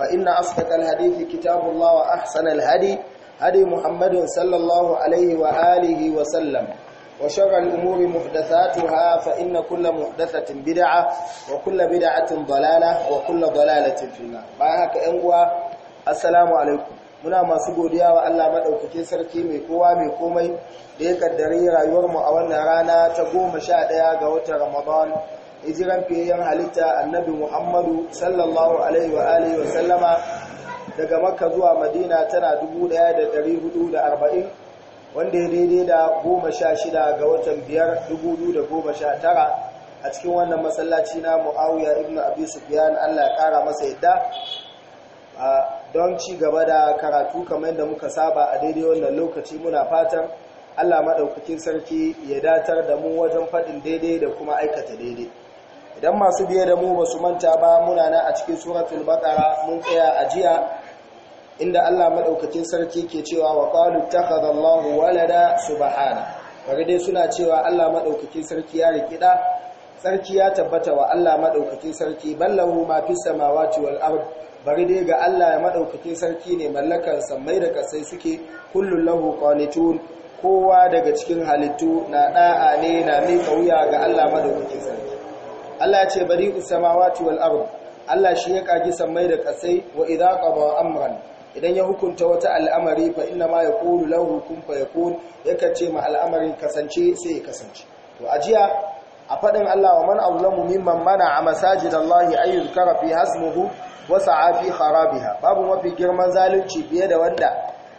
فإن أصدق الحديث كتاب الله وأحسن الهدي هدي محمد صلى الله عليه وآله وسلم وشر الأمور محدثاتها فإن كل محدثة بدعة وكل بدعة ضلالة وكل ضلالة في النار باهك أنقوى السلام عليكم muna masu godiya wa Allah madaukakin sarki mai kowa mai komai da ya kaddare rayuwarmu a wannan rana ta 11 ga watan Ramadan hijiran fiyayyen halitta annabi muhammadu sallallahu alaihi wa alihi wa sallama daga makka zuwa madina tana 1440 wanda ya daidai da 16 ga watan 5 tara a cikin wannan masallaci na muawiya ibn abi sufyan Allah ya kara masa yadda don ci gaba da karatu kamar yadda muka saba a daidai wannan lokaci muna fatan Allah maɗaukakin sarki ya datar da mu wajen faɗin daidai da kuma aikata daidai idan masu biye da mu ba su manta ba muna na a cikin suratul baqara mun tsaya a jiya inda Allah madaukakin sarki ke cewa wa qalu takhadallahu walada subhana kage dai suna cewa Allah madaukakin sarki ya da sarki ya tabbata wa Allah madaukakin sarki ballahu ma fi samawati wal ard bari dai ga Allah ya madaukakin sarki ne mallakan samai da kasai suke kullun lahu qanitun kowa daga cikin halittu na da'a ne na mika wuya ga Allah madaukakin sarki Allah ce bari samawati wal ard Allah shi ya kagi samai da kasai wa idza qada amran idan ya hukunta wata al'amari fa inna ma yaqulu lahu kun fayakun yaka ce ma al'amarin kasance sai ya kasance to ajiya a fadin Allah wa man awlamu mimman mana a masajidallahi kara fi hasmuhu wa sa'a fi kharabiha babu mafi girman zalunci fiye da wanda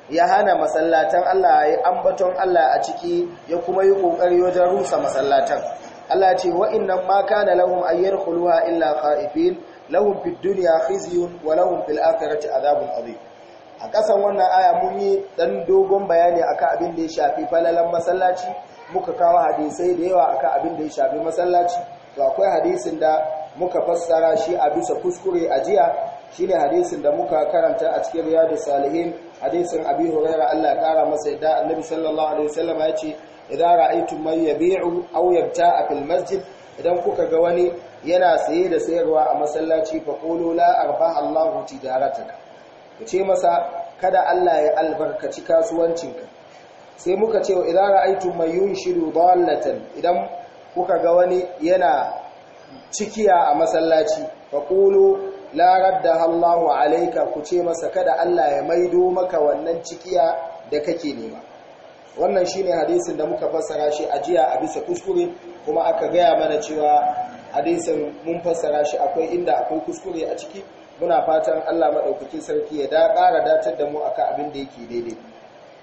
ya hana masallatan Allah ya ambaton Allah a ciki ya kuma yi kokari wajen rusa masallatan Allah ce wa'innan ma kana lahum ayyar khuluha illa khaifin lahum fi duniya khiziyun wa lahum fil akhirati azabun adhim a ƙasan wannan aya mun yi ɗan dogon bayani akan abin da ya shafi falalan masallaci muka kawo hadisai da yawa akan abin da ya shafi masallaci to akwai hadisin da muka fassara shi a bisa kuskure a jiya shine hadisin da muka karanta a cikin riyadu salihin hadisin abi hurairah Allah ya kara masa yadda annabi sallallahu alaihi wasallam ya ce Idan ra'aytum man yabi'u aw yabta'a fil masjid idan kuka ga wani yana saye da sayarwa a masallaci fa qulu la arbaha Allahu Ku ce masa kada Allah ya albarkaci kasuwancinka sai muka ce wa mai ra'aytum man yunshiru dallatan idan kuka ga wani yana cikiya a masallaci fa qulu la raddaha Allahu ku ce masa kada Allah ya maido maka wannan cikiya da kake nema wannan shine hadisin da muka fassara shi a jiya a bisa kuskure kuma aka gaya mana cewa hadisin mun fassara shi akwai inda akwai kuskure a ciki muna fatan Allah madaukakin sarki ya da ƙara datar da mu akan abin da yake daidai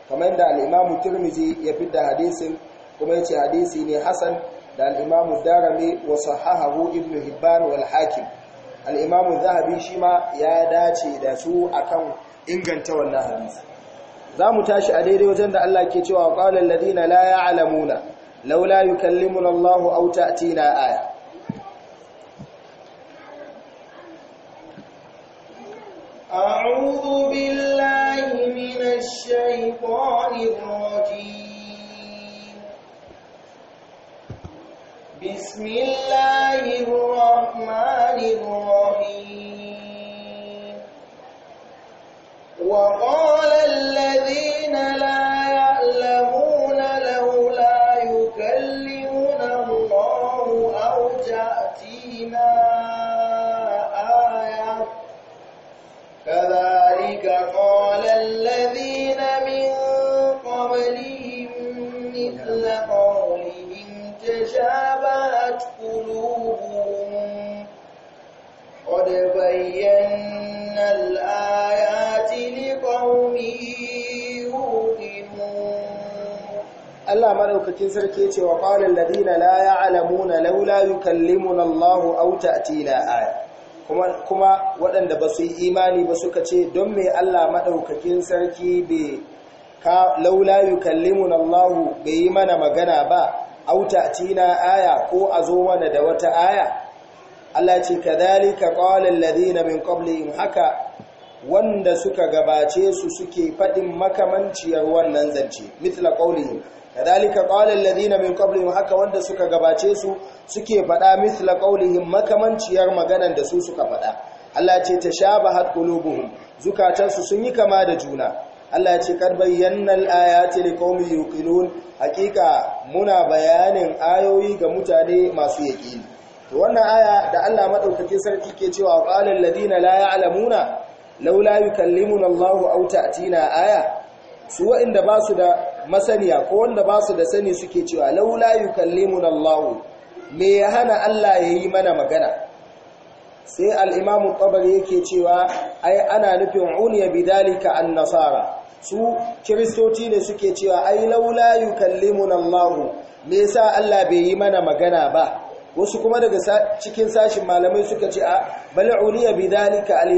kamar yadda al-Imam Tirmidhi ya fidda hadisin kuma yace hadisi ne hassan da al-Imam Darimi wa sahahahu Ibn Hibban wal Hakim al-Imam Zahabi shi ma ya dace da su akan inganta wannan hadisi za mu tashi a daidai wajen da Allah ke cewa qala ladina la ya'lamuna laula yukallimuna Allah aw ta'tina aya a'udhu billahi minash shaytanir rajim بسم الله الرحمن الرحيم وقال الذي Allah madaukakin sarki ce wa qala alladhina la ya'lamuna laula yukallimuna Allahu aw ta'tina aya kuma kuma waɗanda ba su yi imani ba suka ce don mai Allah madaukakin sarki bai ka laula yukallimuna Allahu bai yi mana magana ba aw ta'tina aya ko a zo mana da wata aya Allah ce kadhalika qala alladhina min qablihim haka wanda suka gabace su suke faɗin makamanciyar wannan zance mitla qaulihim kadalika qala alladhina min qablihim haka wanda suka gabace su suke faɗa misla qaulihim makamanciyar maganan da su suka faɗa Allah ce tashabahat qulubuhum zukatansu sun yi kama da juna Allah ce kad bayyana al-ayati yuqinun hakika muna bayanin ayoyi ga mutane masu yaqini to wannan aya da Allah madaukake sarki ke cewa qalal ladina la ya'lamuna laula yukallimuna Allahu aw ta'tina aya su wa'inda ba su da masaniya ko wanda ba su da sani suke cewa laula yukallimun Allah me ya hana Allah ya yi mana magana sai al ƙabar yake cewa ai ana nufin uniya bidalika an-nasara su kiristoci ne suke cewa ai laula yukallimun Allah me sa Allah bai yi mana magana ba wasu kuma daga cikin sashin malamai suka ce a bali uniya bidalika al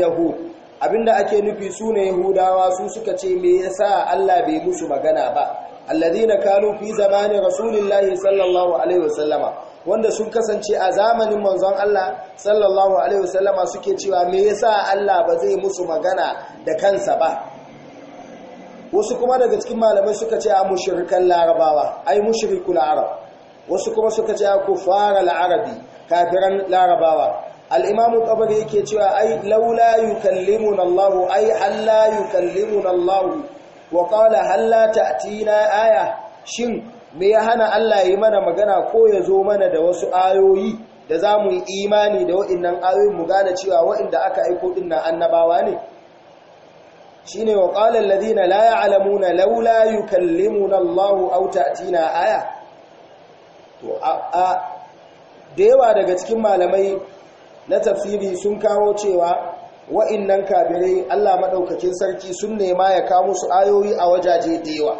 abinda ake nufi su ne yahudawa su suka ce me sa Allah bai musu magana ba alladina kanu fi zamanin rasulillahi sallallahu alaihi wasallama wanda sun kasance a zamanin manzon Allah sallallahu alaihi wasallama suke cewa me sa Allah ba zai musu magana da kansa ba wasu kuma daga cikin malamai suka ce a mushrikan larabawa ai mushrikul arab wasu kuma suka ce a kufara larabi kafiran larabawa al’imamu ƙabar yake cewa ai laula na Allah ai halla yukallimuna Allah wa ƙawala halla na aya shin me ya hana Allah yi mana magana ko ya zo mana da wasu ayoyi da za mu yi imani da waɗannan ayoyin mu gane cewa waɗanda aka aiko ɗin na annabawa ne ne wa ƙawalar Ladina, la ya'lamuna laula yukallimuna Allahu aw ta'tina aya to a da yawa daga cikin malamai na tafsiri sun kawo cewa wa'innan kabirai Allah maɗaukakin sarki sun nema ya kawo su ayoyi a wajaje da yawa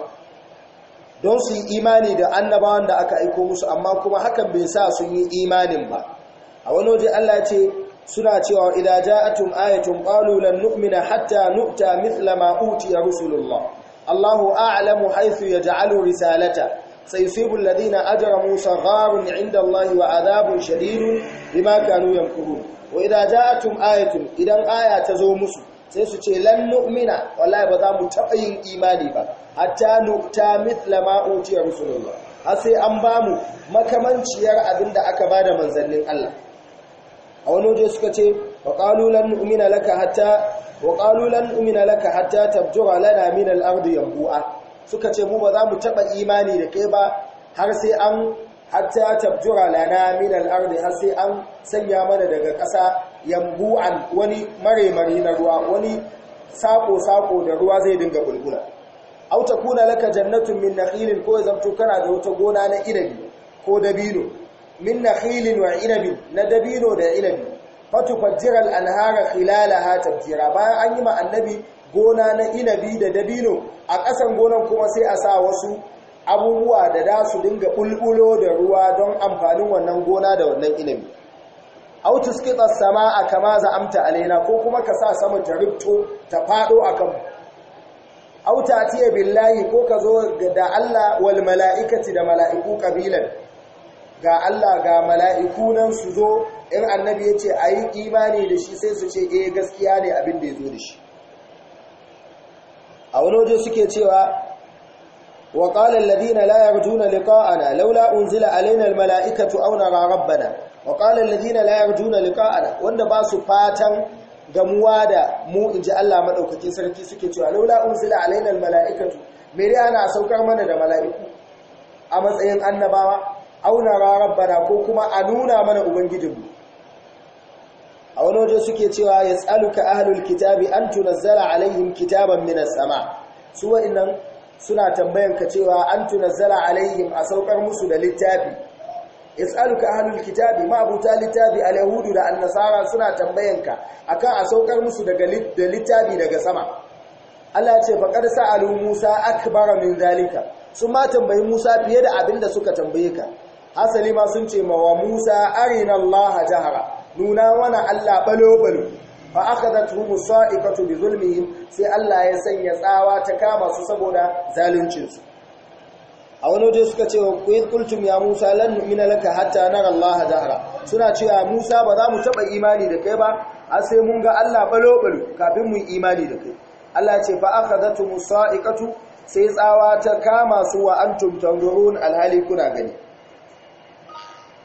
don su yi imani da annabawan da aka aiko musu amma kuma hakan bai sa sun yi imanin ba a wani waje Allah ce suna cewa idza ja'atum ayatun qalu lan nu'mina hatta nu'ta mithla ma utiya rusulullah Allahu a'lamu ya yaj'alu risalata سيصيب الذين أجرموا صغار عند الله وعذاب شديد بما كانوا ينكرون وإذا جاءتم آية إذا آية تزومس سيسوكي لن نؤمن والله بضام متقين إيماني با حتى نؤتى مثل ما أوتي رسول الله an ba mu makamanci yar abin da aka bada manzannin Allah a wani waje suka ce wa qalulan nu'mina laka hatta wa qalulan nu'mina laka hatta tabjura lana min al-ardi yanbu'a suka ce mu ba za mu taɓa imani da kai ba har sai an hatta tabjura lana min al-ardi har sai an sanya mana daga ƙasa yambu'an wani mare na ruwa wani sako-sako da ruwa zai dinga bulbula au takuna laka jannatun min nakhilin ko zamto kana da wata gona na inabi ko dabino min nakhilin wa inabi na dabino da inabi fatufajjira al-anhara khilalaha tabjira bayan an yi ma annabi gona na inabi da dabino a ƙasan gonan kuma sai a sa wasu abubuwa da da su dinga bulbulo da ruwa don amfanin wannan gona da wannan inabi autus kitsa sama a kama amta alaina ko kuma ka sa sama ta rikto ta faɗo a kanmu auta tiye billahi ko ka zo da Allah wal mala'ikati da mala'iku kabilan ga Allah ga mala'iku nan su zo in annabi ya ce a yi imani da shi sai su ce eh gaskiya ne abin da ya zo da shi a wani waje suke cewa wa ƙalar ladina la yarjuna liqa'ana laula unzila alaina almala'ikatu aw nara rabbana wa ƙalar ladina la yarjuna liqa'ana wanda ba su fatan gamuwa da mu inji Allah madaukakin sarki suke cewa laula unzila alaina almala'ikatu me dai ana saukar mana da mala'iku a matsayin annabawa aw nara rabbana ko kuma a nuna mana ubangijinmu a wani waje suke cewa ya tsaluka ahalul kitabi an tunazzala alaihim kitaban minas sama su wa'innan suna tambayan ka cewa an tunazzala alaihim a saukar musu da littafi ya ahalul kitabi abuta littafi alyahudu da annasara suna tambayan ka akan a saukar musu daga littafi daga sama Allah ce faƙar sa'alu Musa akbara min zalika sun ma tambayi Musa fiye da abin da suka tambaye ka hasali ma sun ce ma wa Musa arina jahara nuna mana Allah balo-balo fa aka da tuhu sa'ikatu bi zulmi sai Allah ya sanya tsawa ta kama su saboda zaluncinsu a wani waje suka ce ku yi kultum ya musa lan nu'mina laka hatta nara Allah jahra suna cewa musa ba za mu taɓa imani da kai ba A sai mun ga Allah balo-balo kafin mu yi imani da kai Allah ce fa aka da tuhu sa'ikatu sai tsawa ta kama su wa antum ruhun alhali kuna gani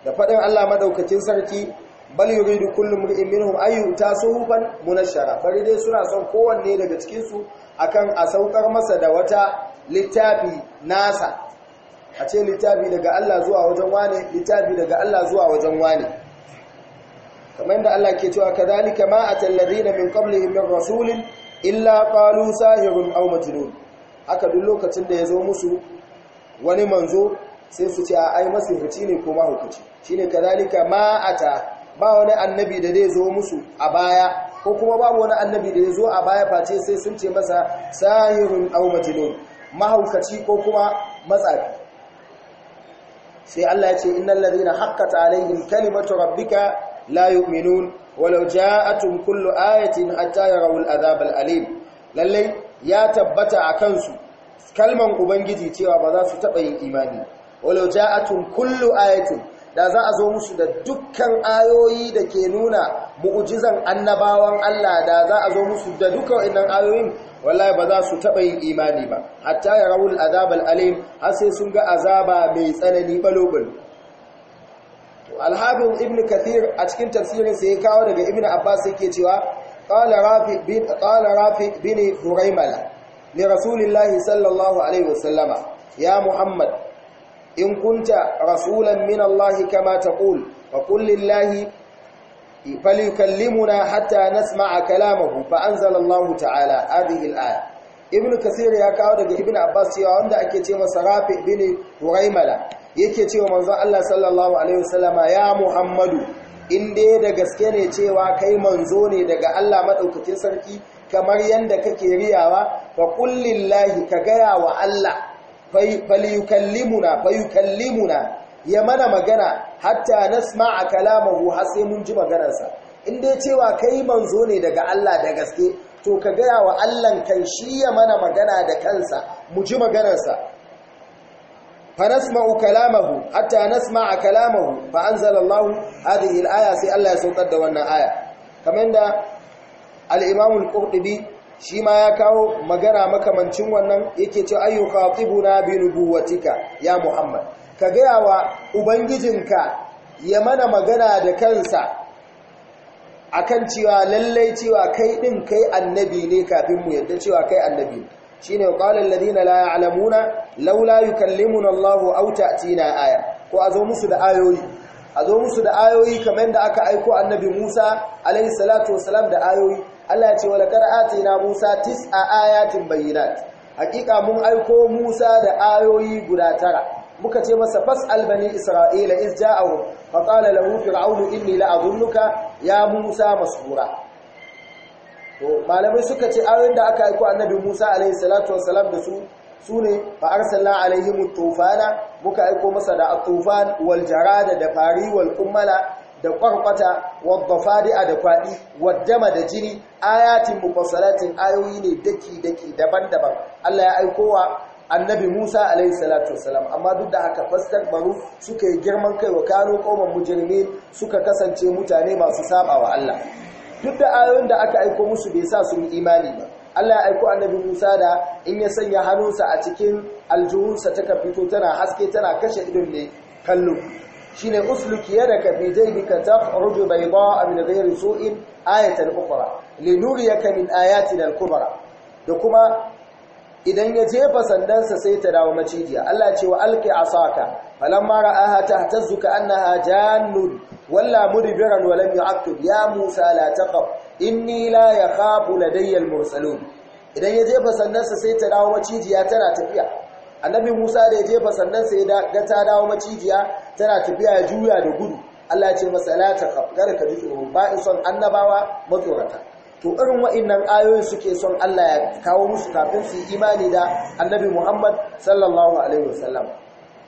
da faɗin Allah maɗaukacin sarki bal yuridu kullu mri'in minhum ay yuta suhufan munashshara bari dai suna son kowanne daga cikin su akan a saukar masa da wata littafi nasa a ce littafi daga Allah zuwa wajen wane littafi daga Allah zuwa wajen wane kamar yadda Allah ke cewa kadhalika ma atal ladina min qablihim min rasulin illa qalu sahirun aw majnun haka duk lokacin da yazo musu wani manzo sai su ce ai masifuci ne ko mahukaci shine kadhalika ma ata ba wani annabi da zai zo musu a baya ko kuma babu wani annabi da zai zo a baya face sai sun ce masa sahirun aw majnun mahaukaci ko kuma matsafi sai Allah ya ce innal ladina haqqata alaihim kalimatu rabbika la yu'minun walau ja'atun kullu ayatin hatta yarawul adhab alim lalle ya tabbata a kansu kalman ubangiji cewa ba za su taba yin imani walau ja'atun kullu ayatin da za a zo musu da dukkan ayoyi da ke nuna mu'ujizan annabawan Allah da za a zo musu da dukkan wannan ayoyin wallahi ba za su taɓa yin imani ba hatta ya rawul azabal alim har sai sun ga azaba mai tsanani balobal alhabin ibn kathir a cikin tafsirin sai ya kawo daga ibn abbas yake cewa qala rafi bin qala rafi bin li rasulillahi sallallahu alaihi wasallama ya muhammad in kunta rasulan min Allah kama taqul fa qul lillahi falyukallimuna hatta nasma'a kalamahu fa anzala Allah ta'ala hadhihi al-aya ibn kasir ya kawo daga ibn abbas cewa wanda ake ce masa rafi bin huraimala yake cewa manzon Allah sallallahu alaihi wasallama ya muhammadu inda da gaske ne cewa kai manzo ne daga Allah madaukakin sarki kamar yadda kake riyawa fa qul lillahi ka gaya wa Allah falyukallimuna fayukallimuna ya mana magana hatta nasma'a kalamahu har sai mun ji maganarsa in dai cewa kai manzo ne daga Allah da gaske to ka gaya wa Allah kan shi ya mana magana da kansa mu ji maganarsa fa nasma'u kalamahu hatta nasma'a kalamahu fa anzalallahu hadhihi al-aya sai Allah ya saukar da wannan aya kamar da al-Imam al shi ma ya kawo magana makamancin wannan yake ce ayyuka tibuna bi nubuwatika ya muhammad ka gaya wa ubangijinka ya mana magana da kansa akan cewa lallai cewa kai ɗin kai annabi ne kafin mu yadda cewa kai annabi ne shine qala alladhina la ya'lamuna laula yukallimuna Allahu aw ta'tina aya ko azo musu da ayoyi azo musu da ayoyi kamar da aka aiko annabi Musa alayhi salatu wasalam da ayoyi Allah ya ce wa laqad atina Musa tis'a ayatin bayyinat hakika mun aiko Musa da ayoyi guda tara muka ce masa fas albani isra'ila iz ja'u fa qala lahu fir'aun inni la'adhunnuka ya Musa masbura to malamai suka ce ayoyin da aka aiko annabi Musa alayhi salatu wassalam da su sune fa arsalna alayhi tufana muka aiko masa da at-tufan wal jarada da fari wal kummala da ƙwarƙwata wadda a da kwaɗi waddama da jini ayatin mufassalatin ayoyi ne daki-daki daban-daban Allah ya aikowa annabi Musa alaihi salatu wasalam amma duk da haka fastakbaru suka yi girman kai wa kano qauman mujrimin suka kasance mutane masu sabawa Allah duk da ayoyin da aka aiko musu bai sa su yi imani ba Allah ya aiko annabi Musa da in ya sanya hannunsa a cikin aljuhunsa ta fito tana haske tana kashe idon ne kallo shine usluk yadaka fi jaybika takhruju bayda'a min ghayri su'in ayatan ukhra linuriyaka min ayatina al-kubra da kuma idan ya jefa sandansa sai ta dawo macijiya Allah ce wa alqi asaka falamma ra'aha tahtazzu annaha jannun walla mudbiran wa lam yu'aqib ya musa la taqaf inni la yakhafu ladayya al-mursalun idan ya jefa sandansa sai ta dawo macijiya tana tafiya annabi musa da ya jefa sannan sai ga ta dawo macijiya tana tafiya juya da gudu allah ce masa la kafgar ka ji tsoro ba in son annabawa matsorata to irin nan ayoyin suke son allah ya kawo musu kafin su yi imani da annabi muhammad sallallahu alaihi wasallam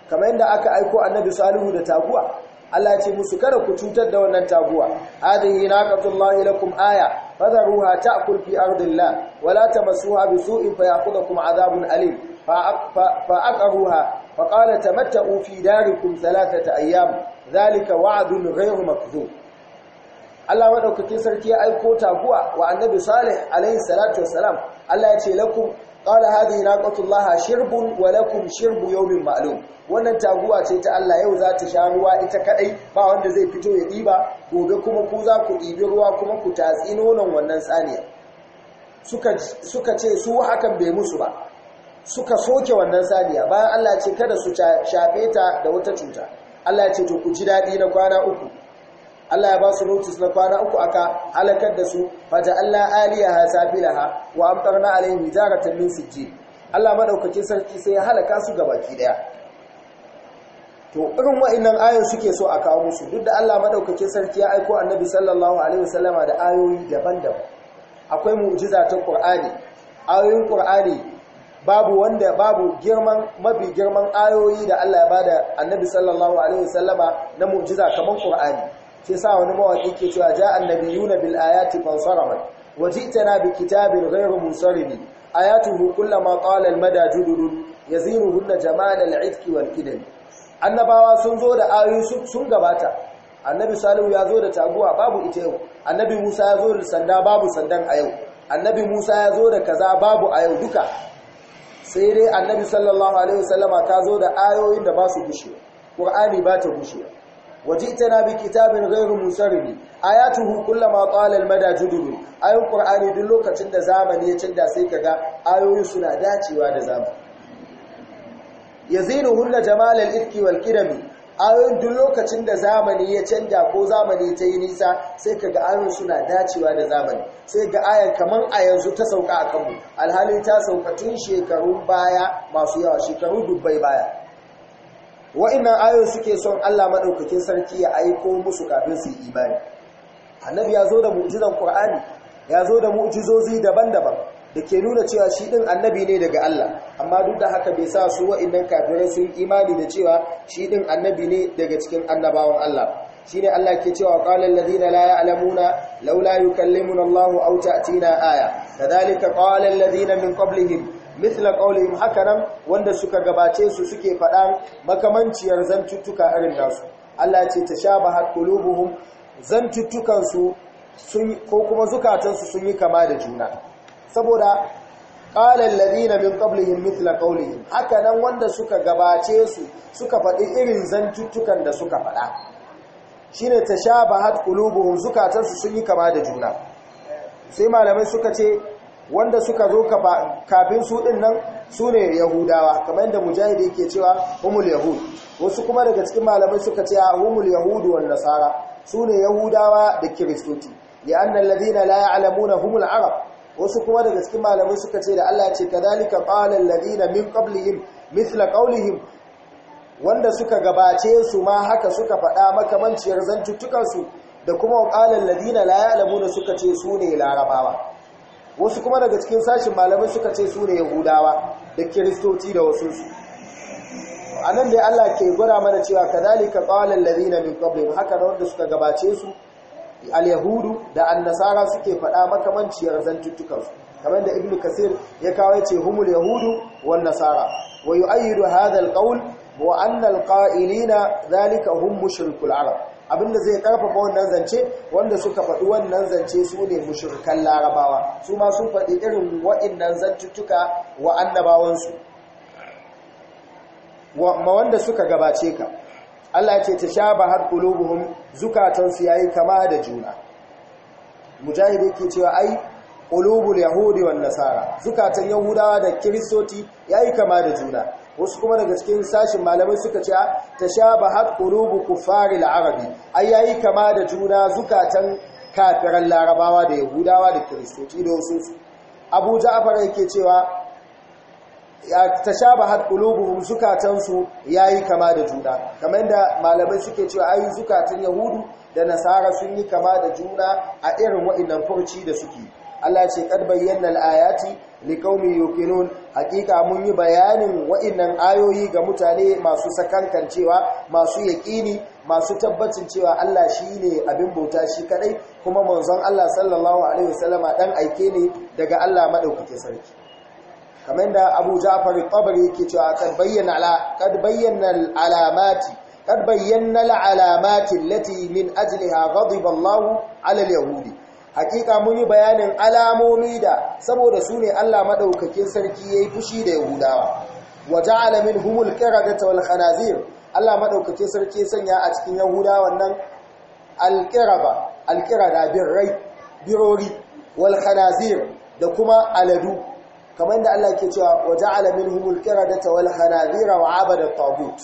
kamar yadda aka aiko annabi salihu da taguwa Allah ce musu kada ku cutar da wannan taguwa hadhihi naqatullahi lakum aya ta kulfi fi la, wala ta in bisu'in kuma azabun alim فأقروها فقال تمتعوا في داركم ثلاثة أيام ذلك وعد غير مكذوب Allah madaukakin sarki ya aiko taguwa wa Annabi Salih alayhi salatu wassalam Allah ya ce lakum qala hadhihi naqatullah shirbun wa lakum shirbu yawmin ma'lum wannan taguwa ce ta Allah yau za ta sha ruwa ita kadai ba wanda zai fito ya diba gobe kuma ku za ku dibi ruwa kuma ku tatsi nonon wannan tsaniya suka suka ce su hakan bai musu ba suka soke wannan saniya bayan Allah ce kada su shafe ta da wata cuta Allah ya ce to ku ji dadi na kwana uku Allah ya ba su notice na kwana uku aka halakar da su faja Allah ha sabilaha wa amtarna alaihim hijaratan min sijjin Allah madaukakin sarki sai ya halaka su gabaki daya to irin wa'annan ayoyi suke so a kawo musu duk da Allah madaukakin sarki ya aika annabi sallallahu alaihi wasallama da ayoyi daban-daban akwai mu'jiza ta Qur'ani ayoyin Qur'ani babu wanda babu girman mafi girman ayoyi da Allah ya bada annabi sallallahu alaihi wasallama na mu'jiza kamar Qur'ani sai sa wani mawaki ke cewa ja annabiyuna bil ayati fansarama wajitana bi kitabin ghayru munsaribi ayatuhu kullama qala al mada jududun yaziruhunna jamal al itki wal kidan annabawa sun zo da ayoyi sun gabata annabi salihu ya zo da taguwa babu ita yau annabi musa ya zo da sanda babu sandan a yau annabi musa ya zo da kaza babu a yau duka sai dai annabi sallallahu alaihi wasallama ta zo da ayoyin da ba su gushe qur'ani ba ta gushe kitabin بكتاب غير مسرب tuhu كلما طال المدى جدد ايو ƙur'ani duk lokacin da zamani ya canza sai ka ga ayoyi suna dacewa da zamani yazinu hunna jamal al-ifki wal ayoyin duk lokacin da zamani ya canja ko zamani ta yi nisa sai ka ga ayoyin suna dacewa da zamani sai ga ayar kamar a yanzu ta sauka a kanmu alhali ta sauka tun shekarun baya masu yawa shekaru dubbai baya Wa'inan ayon suke son allah maɗaukakin sarki ya aiko musu kafin su yi imani annabi ya zo da mu'jizan ƙur'ani da mu'jizozi daban-daban da ke nuna cewa shi ɗin annabi ne daga Allah amma duk da haka bai sa su wa'annan kafirai sun imani da cewa shi ɗin annabi ne daga cikin annabawan Allah Shi ne Allah ke cewa ƙwalar ladina la ya'lamuna laula yukallimuna Allah aw ta'tina aya kadhalika qalal ladina min qablihim mithla qawlihim hakanan wanda suka gabace su suke faɗa makamanciyar zantuttuka irin nasu Allah ce ta qulubuhum zantuttukan su sun ko kuma zukatansu sun yi kama da juna saboda ƙalar na min ƙablihin mitla ƙaunihin haka nan wanda suka gabace su suka faɗi irin zantuttukan da suka faɗa shi ne ta sha ba hat ƙulubuhun zukatansu sun yi kama da juna sai malamai suka ce wanda suka zo kafin su ɗin nan su ne yahudawa kamar yadda mujahid yake cewa humul yahud wasu kuma daga cikin malamai suka ce ah, humul yahudu wan nasara su ne yahudawa da kiristoci li'anna alladhina la ya'lamuna humul arab wasu kuma daga cikin malamai suka ce da Allah ce kadhalika qala alladhina min qablihim mithla qawlihim wanda suka gabace su ma haka suka faɗa makamanciyar zantuttukan su da kuma qala alladhina la ya'lamuna suka ce su ne larabawa wasu kuma daga cikin sashin malamai suka ce su ne yahudawa da kiristoci da wasu su anan dai Allah ke gura mana cewa kadhalika qala alladhina min qablihim haka da wanda suka gabace su al-yahudu da annasara suke faɗa makamanciyar zantuttukansu kamar da ibnu kasir ya kawo yace humul yahudu wan nasara wa yu'ayyidu hadha al-qawl wa anna al-qa'ilina dhalika hum mushrikul arab abinda zai karfafa wannan zance wanda suka faɗi wannan zance su ne mushrikan larabawa su ma sun faɗi irin waɗannan zantuttuka wa annabawansu wa wanda suka gabace ka Allah ce ta sha har kulubuhum zukatansu yayi kama da juna mujahid yake cewa ai kulubul yahudi wan nasara zukatan yahudawa da kristoti yayi kama da juna wasu kuma daga cikin sashin malamai suka ce ta sha bahar ku fari arabi ai yayi kama da juna zukatan kafiran larabawa da yahudawa da kristoti da wasu abu ja'far yake cewa ya har qulubuhum zukatansu yayi kama da juna kamar da malamai suke cewa ayi zukatan yahudu da nasara sun yi kama da juna a irin wa'annan furci da suke Allah ce kad bayyana al-ayati liqaumin yuqinun hakika mun yi bayanin wa'annan ayoyi ga mutane masu cewa masu yaqini masu tabbacin cewa Allah shine abin bauta shi kadai kuma manzon Allah sallallahu alaihi wasallama dan aike ne daga Allah madaukakin sarki kamar da abu ja'far tabari yake cewa kad bayyana ala kad bayyana alamati kad bayyana alamati min ajliha ghadiba Allah ala al-yahudi hakika mun yi bayanin alamomi da saboda su ne Allah madaukakin sarki yayi fushi da yahudawa wa ja'ala minhumul qiradata wal khanazir Allah madaukakin sarki sanya a cikin Yahudawa nan al-qiraba al-qirada birrai birori wal khanazir da kuma aladu kamar da Allah ke cewa wa ja'ala minhumul qiradata wal khanazira wa abada at-tagut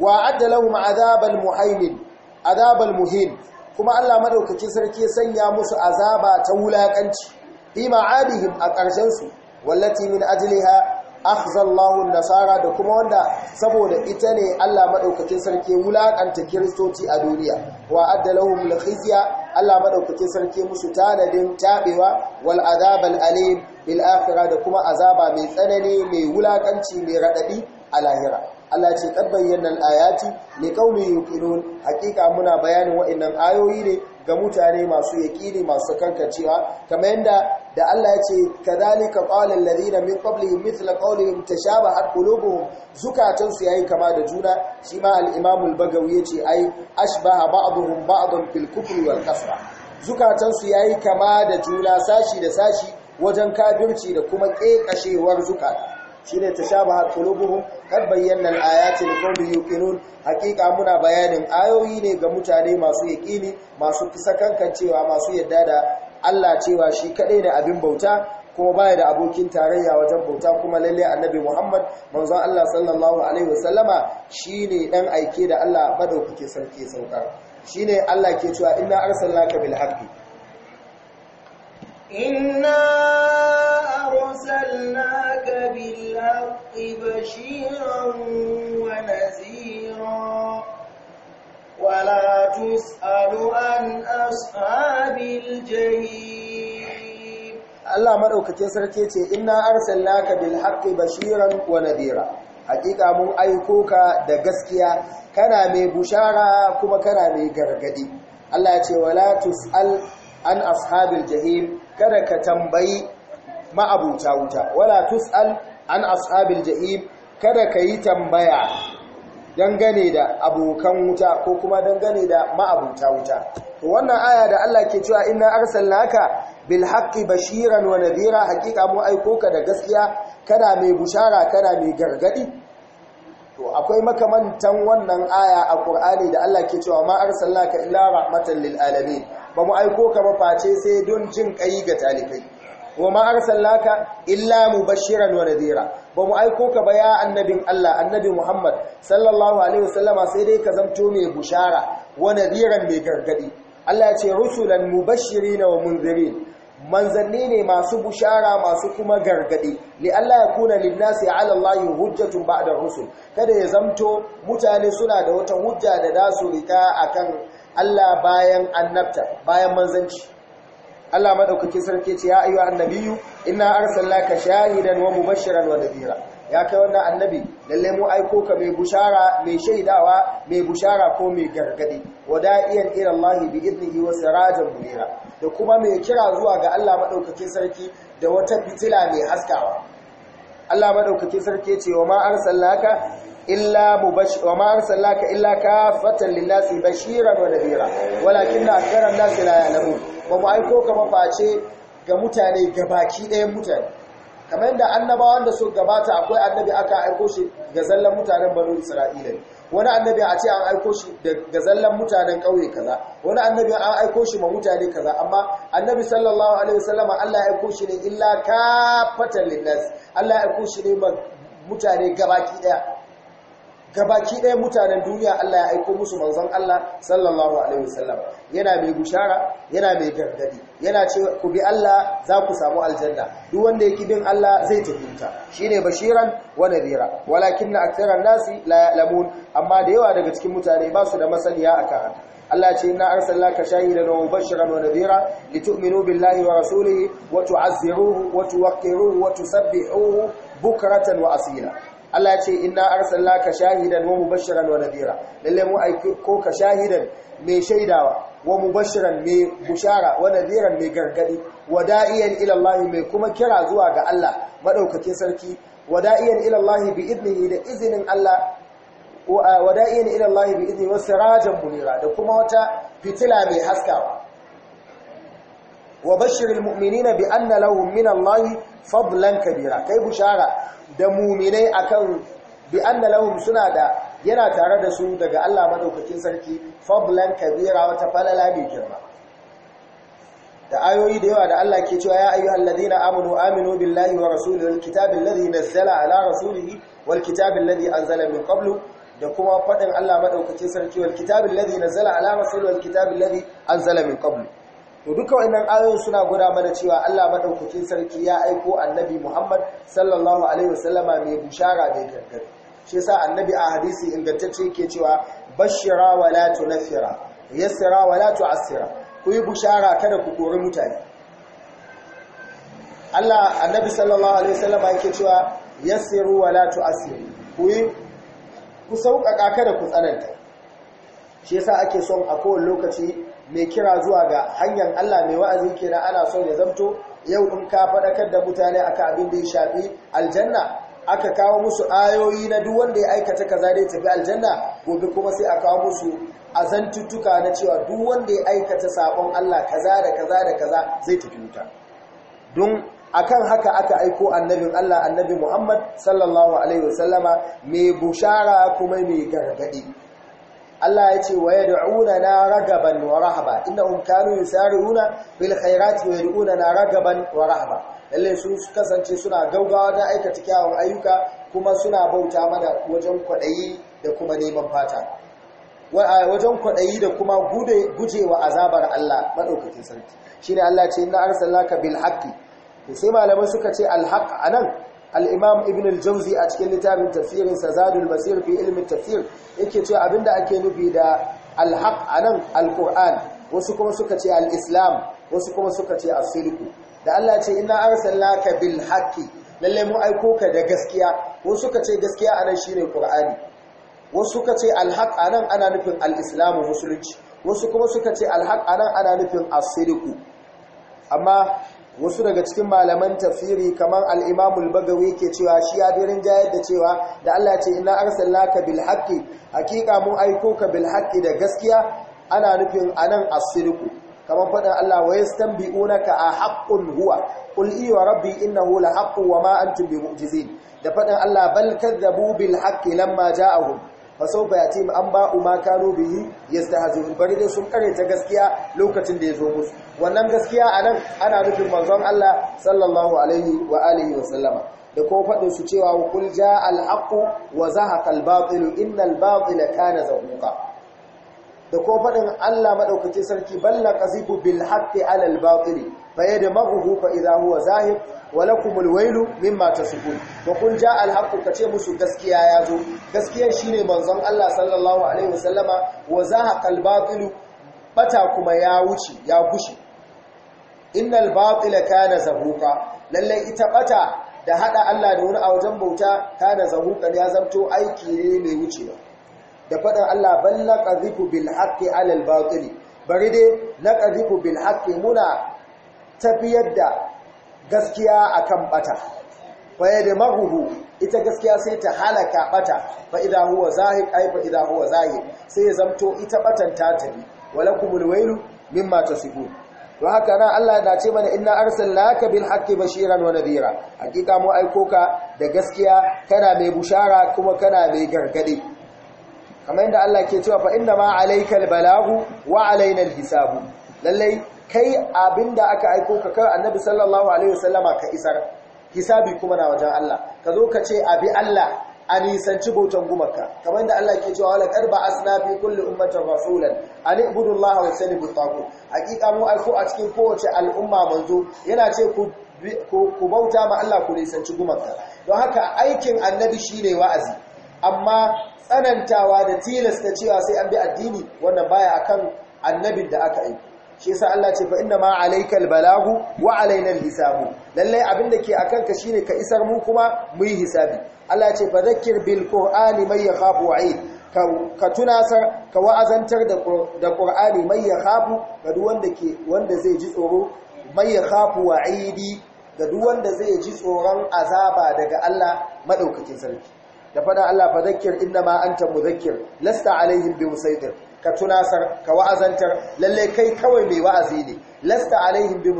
wa adda lahum azabal muhaimin azabal muhin kuma Allah madaukaki sarki sanya musu azaba ta wulakanci bi ma'abihim a ƙarshen su wallati min ajliha akhzallahu nasara da kuma wanda saboda ita ne Allah madaukakin sarki wulakanta kiristoci a duniya wa addalahum lakhizya Allah madaukakin sarki musu tanadin tabewa wal azab al alim bil akhirah da kuma azaba mai tsanani mai wulakanci mai radadi a lahira Allah ce kan bayyana al ayati li qaumin yuqinun hakika muna bayanin wa'annan ayoyi ne ga mutane masu yaƙini masu kankancewa kamar yadda da Allah ya ce kadhalika qala alladhina min qablihim mithla qawlihim tashabahat qulubuhum zukatan su yayi kama da juna shi ma al-imam al-bagawi yace ai ashbaha ba'dhum ba'dhan fil kufri wal kasra zukatan su yayi kama da juna sashi da sashi wajen kafirci da kuma kekashewar zukata shine tashabahat qulubuhum kad bayyana al-ayati liqawmin yuqinun hakika muna bayanin ayoyi ne ga mutane masu yaqini masu kankan cewa masu yadda da Allah cewa shi kaɗai da abin bauta kuma baya da abokin tarayya wajen bauta kuma lalle annabi Muhammad manzon Allah sallallahu alaihi wasallama shine dan aike da Allah madaukake sarki saukar shine Allah ke cewa inna arsalnaka bil haqqi inna أرسلناك بالحق بشيرا ونذيرا ولا تسأل عن أصحاب الجحيم الله مدوكتين sarki ce inna arsalnaka bil haqqi bashiran wa nadhira hakika mun aiko ka da gaskiya kana mai bushara kuma kana mai gargadi Allah ya ce wala tus'al an ashabil jahim kada ka tambayi ma'abuta wuta wala tus'al an ashabil ja'ib kada ka yi tambaya dangane da abokan wuta ko kuma dangane da ma'abuta wuta to wannan aya da Allah ke cewa inna arsalnaka bil haqqi bashiran wa nadhira Hakika mu aiko ka da gaskiya kada mai bushara kada mai gargadi to akwai makamantan wannan aya a Qur'ani da Allah ke cewa ma arsalnaka illa rahmatan lil alamin ba mu aiko ka ba face sai don jin kai ga talibai wa ma arsalnaka illa mubashiran wa nadhira ba mu aiko ka ba ya annabin Allah annabi Muhammad sallallahu alaihi wasallama sai dai ka zamto mai bushara wa nadhiran mai gargadi Allah ya ce rusulan mubashirin wa munzirin manzanni ne masu bushara masu kuma gargadi li Allah ya kuna nasi ala Allah hujjatun ba'da rusul kada ya zamto mutane suna da wata hujja da dasu rika akan Allah bayan annabta bayan manzanci Allah madaukakin sarki ce ya ayyuhan annabiyu inna arsalaka shahidan wa mubashiran wa nadira ya kai wannan annabi lalle mu aiko ka mai bushara mai shaidawa mai bushara ko mai gargadi wada'iyan ila Allah bi idnihi wa sirajan munira da kuma mai kira zuwa ga Allah madaukakin sarki da wata fitila mai haskawa Allah madaukakin sarki ce wa ma arsalaka illa mubashir wa ma arsalnaka illa kafatan lin-nasi bashiran wa nadhira walakinna aktharan nasi la ya'lamun ba mu aiko ka ba face ga mutane gabaki ɗayan mutane kamar yadda annabawan da su gabata akwai annabi aka aiko shi ga zallan mutanen banu isra'ila wani annabi a ce an aiko shi ga zallan mutanen ƙauye kaza wani annabi an aiko shi ma mutane kaza amma annabi sallallahu alaihi wasallama Allah ya aiko shi ne illa kafatan linnas Allah ya aiko shi ne mutane gabaki ɗaya. gabaki ɗaya mutanen duniya Allah ya aiko musu manzon Allah sallallahu alaihi wasallam yana mai bushara yana mai gargadi yana ce ku bi Allah za ku samu aljanna duk wanda yake bin Allah zai tafi ta shine bashiran wa nadira walakinna aktharan nasi la ya'lamun amma da yawa daga cikin mutane ba su da masaniya a haka Allah ce inna arsalnaka shahidan wa mubashiran wa nadira litu'minu billahi wa rasulihi wa tu'azziruhu wa tuwaqqiruhu wa tusabbihuhu bukratan wa asila Allah ce inna arsalnaka shahidan wa mubashiran wa nadira lalle mu aiki ko ka shahidan mai shaidawa wa mubashiran mai bushara wa nadiran mai gargadi wa da'iyan ila Allah mai kuma kira zuwa ga Allah madaukakin sarki wa da'iyan ila Allah bi idnihi da izinin Allah wa da'iyan ila Allah bi idnihi wa sirajan munira da kuma wata fitila mai haskawa wa bashiril mu'minina bi anna lahum min Allah fadlan kabira kai bushara da muminai akan bi anna lahum suna da yana tare da su daga Allah madaukakin sarki fadlan kabira wata falala mai girma da ayoyi da yawa da Allah ke cewa ya ayyuhal ladina amanu aminu billahi wa rasulihi wal kitabi alladhi nazzala ala rasulihi wal kitabi alladhi anzala min qablu da kuma fadin Allah madaukakin sarki wal kitabi alladhi nazzala ala rasulihi wal kitabi alladhi anzala min qablu to duka wannan ayoyin suna gwada mana cewa Allah madaukakin sarki ya aiko annabi Muhammad sallallahu alaihi wasallama mai bushara mai gargadi shi yasa annabi a hadisi ingantacce yake cewa bashira wala tunfira yassira wala tu'sira ku yi bushara kada ku kori mutane Allah annabi sallallahu alaihi wasallama yake cewa yassiru wala tu'assiru ku yi ku sauƙaƙa kada ku tsananta shi yasa ake son a kowane lokaci mai kira zuwa ga hanyar Allah mai wa'azi kenan ana son ya zamto yau in ka faɗakar da mutane aka abin da ya shafi aljanna aka kawo musu ayoyi na duk wanda ya aikata kaza da ya tafi aljanna gobe kuma sai a kawo musu azantuttuka na cewa duk wanda ya aikata sabon Allah kaza da kaza da kaza zai tafi wuta don akan haka aka aiko annabin Allah annabi Muhammad sallallahu alaihi wasallama mai bushara kuma mai gargaɗi Allah ya ce wa yad'una na ragaban wa rahaba innahum kanu yusari'una bil khairati wa yad'una na ragaban wa rahaba lalle su kasance suna gaugawa da aikata cikin ayyuka kuma suna bauta mana wajen kwadayi da kuma neman fata wajen kwaɗayi da kuma gujewa azabar Allah maɗaukacin sarki shine Allah ce inna arsalnaka bil haqqi sai malamai suka ce al haqq anan al-imam ibn al a cikin littafin tafsirin sa zadul masir fi ilmi tafsir yake cewa abinda ake nufi da alhaq a anan al-qur'an wasu kuma suka ce al-islam wasu kuma suka ce as da Allah ce inna ka bil haƙƙi, lallai mu aiko ka da gaskiya wasu suka ce gaskiya anan ne ƙur'ani, wasu suka ce alhaq a nan ana nufin al-islam musulunci wasu kuma suka ce alhaq a anan ana nufin as amma wasu daga cikin malaman tafsiri kamar al-imamul bagawi ke cewa shi ya dorin jayar da cewa da Allah ce inna arsalnaka bil haqqi hakika mun aiko ka bil haqqi da gaskiya ana nufin anan as-sidqu kamar faɗin Allah wa yastanbi'unaka a haqqun huwa qul i wa rabbi innahu la haqqun wa ma antum bi mu'jizin da faɗin Allah bal kadzabu bil haqqi lamma ja'ahum fa sawfa yatim an ba'u ma kanu bihi yastahzi'un bari dai sun kare ta gaskiya lokacin da ya zo musu wannan gaskiya a nan ana nufin manzon Allah sallallahu alaihi wa alihi wa sallama da ko faɗin su cewa kul jaa al-haqqu wa zahaqa al-batil innal batila kana zahuqa da ko faɗin Allah madaukake sarki balla qasifu bil haqqi ala al-batil fayadmaghu fa idha huwa zahiq wa lakumul wailu mimma tasifun wa kul jaa al-haqqu kace musu gaskiya yazo gaskiyar shine manzon Allah sallallahu alaihi wa sallama wa zahaqa al-batil bata kuma ya wuce ya gushe innal batil kana zahuqa lalle ita bata da hada Allah da wani a wajen bauta kana zahuqan ya zamto aiki ne mai wucewa da fadan Allah balla qadhifu bil haqqi ala al bari dai na qadhifu bil haqqi muna tafiyar da gaskiya akan bata faye da mahuhu ita gaskiya sai ta halaka bata fa idan huwa zahiq ay fa idan huwa zahiq sai ya zamto ita batan ta tabi walakumul wailu mimma tasifun don haka nan Allah na ce mana inna ka bil haqqi bashiran wa nadhira hakika mu aiko ka da gaskiya kana mai bushara kuma kana mai gargadi kamar yadda Allah ke cewa fa inna ma alaykal balagu wa alaina al hisabu lallai kai abinda aka aiko ka kai annabi sallallahu alaihi wasallama ka isar hisabi kuma na wajen Allah ka zo ka ce abi Allah a nisanci bautan gumaka kamar da Allah ke cewa laqad ba'athna fi kulli ummatin rasulan an ibudu Allah wa sani taqu hakika mu aiko a cikin kowace al'umma manzo yana ce ku bauta ma Allah ku nisanci gumaka don haka aikin annabi shine wa'azi amma tsanantawa da tilasta cewa sai an bi addini wannan baya akan annabin da aka aiko shi yasa Allah ce fa inna ma Alaykal balagu wa alaina hisabu lalle abin da ke akan ka shine ka isar mu kuma mu yi hisabi Allah ce fa zakkir bil qur'ani may yakhafu wa'id ka tunasa, ka wa'azantar da qur'ani may yakhafu ga duk wanda ke wanda zai ji tsoro may yakhafu wa'idi ga duk wanda zai ji tsoron azaba daga Allah madaukakin sarki da fada Allah fa zakkir inna ma anta mudhakkir lasta alaihim bi musaytir ka tunasar ka wa'azantar lalle kai kawai mai wa'azi ne lasta alaihim bi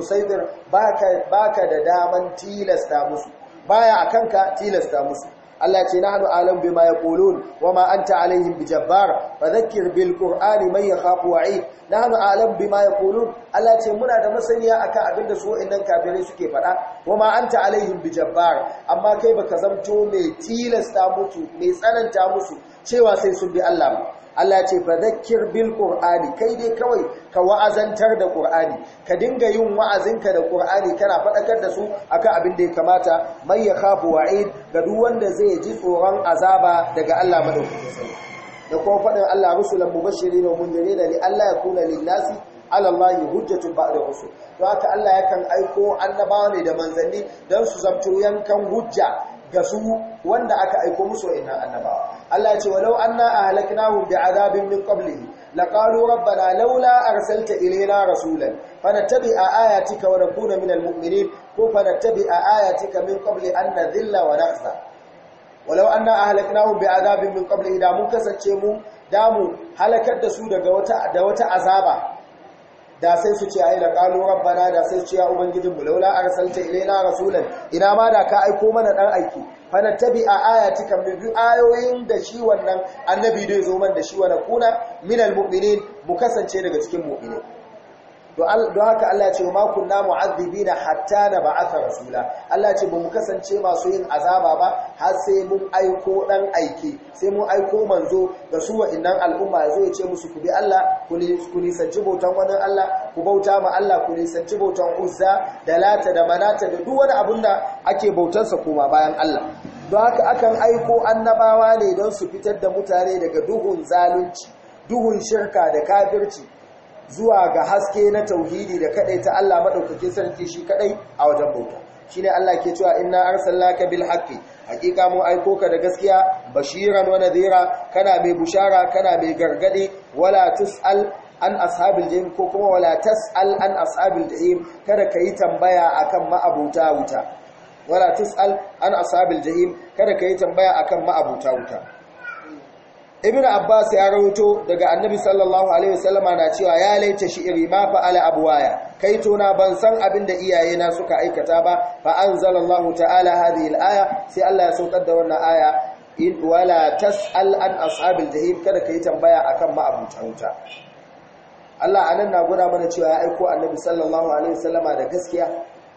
baka baka da daman tilasta musu baya akan kanka tilasta musu Allah ce nahnu alam bima yaqulun wama anta alaihim bijabbar fadhakkir bil qur'ani man yakhafu wa'id nahnu alam bima yaqulun Allah ce muna da masaniya akan abinda su wa'annan kafirai suke faɗa wama anta alaihim jabbar, amma kai baka zamto mai tilasta musu mai tsananta musu cewa sai sun bi Allah ba Allah ce fa zakkir bil qur'ani kai dai kawai ka wa'azantar da qur'ani ka dinga yin wa'azinka da qur'ani kana fadakar da su akan abin da ya kamata mai ya khafu wa'id ga duk wanda zai ji tsoron azaba daga Allah madaukakin sarki da kuma fadin Allah rusulan mubashirin wa mundirin li Allah ya kuna lil nasi ala Allah hujjatun ba'da rusul to haka Allah yakan aiko annabawa ne da manzanni dan su zamto yankan hujja ga su wanda aka aiko musu wa'annan annabawa Allah ce walau anna ahlaknahum bi'adabin min qablihi laqalu rabbana laula arsalta ilayna rasulan fanattabi'a ayatika wa nakuna minal mu'minin ko fanattabi'a ayatika min qabli an nadhilla wa nakhza walau anna ahlaknahum bi'adabin min qablihi da mun kasance mu damu halakar da su daga wata da wata azaba da sai su ce ai da qalu rabbana da sai su ce ya ubangijin mu laula arsalta ilaina rasulan ina ma da ka aiko mana ɗan aiki fa a ayati kam bi ayoyin da shi wannan annabi da zo man da shi wa kuna minal mu'minin mu kasance daga cikin mu'minai don haka Allah ya ce ma kunna mu'adhibina hatta nab'atha rasula Allah ya ce bamu kasance masu yin azaba ba har sai mun aiko dan aiki sai mun aiko manzo ga su wa'annan al'umma yazo ya ce musu ku bi Allah ku nisanci bautan wani Allah ku bauta ma Allah ku nisanci bautan Uzza da Lata da Manata da duk wani abun da ake bautarsa kuma bayan Allah don haka akan aiko annabawa ne don su fitar da mutane daga duhun zalunci duhun shirka da kafirci zuwa ga haske na tauhidi da kadai ta Allah madaukake sarki shi kadai a wajen bauta shine Allah ke cewa inna arsalnaka bil haqqi hakika mu aiko ka da gaskiya bashiran wa nadhira kana mai bushara kana mai gargade? wala tusal an ashabil jahim ko kuma wala tasal an ashabil jahim kada kai tambaya akan ma'abuta wuta wala an ashabil jahim kada kai tambaya akan ma'abuta wuta ibn abbas ya rawoto daga annabi sallallahu alaihi wasallama na cewa ya laita iri ma ala abwaya kai tona ban san abin da iyaye na suka aikata ba fa anzalallahu ta'ala hadhihi al sai Allah ya saukar da wannan aya in wala tas'al an ashabil jahim kada kai tambaya akan ma'abutan wuta Allah anan na gura mana cewa ya aiko annabi sallallahu alaihi wasallama da gaskiya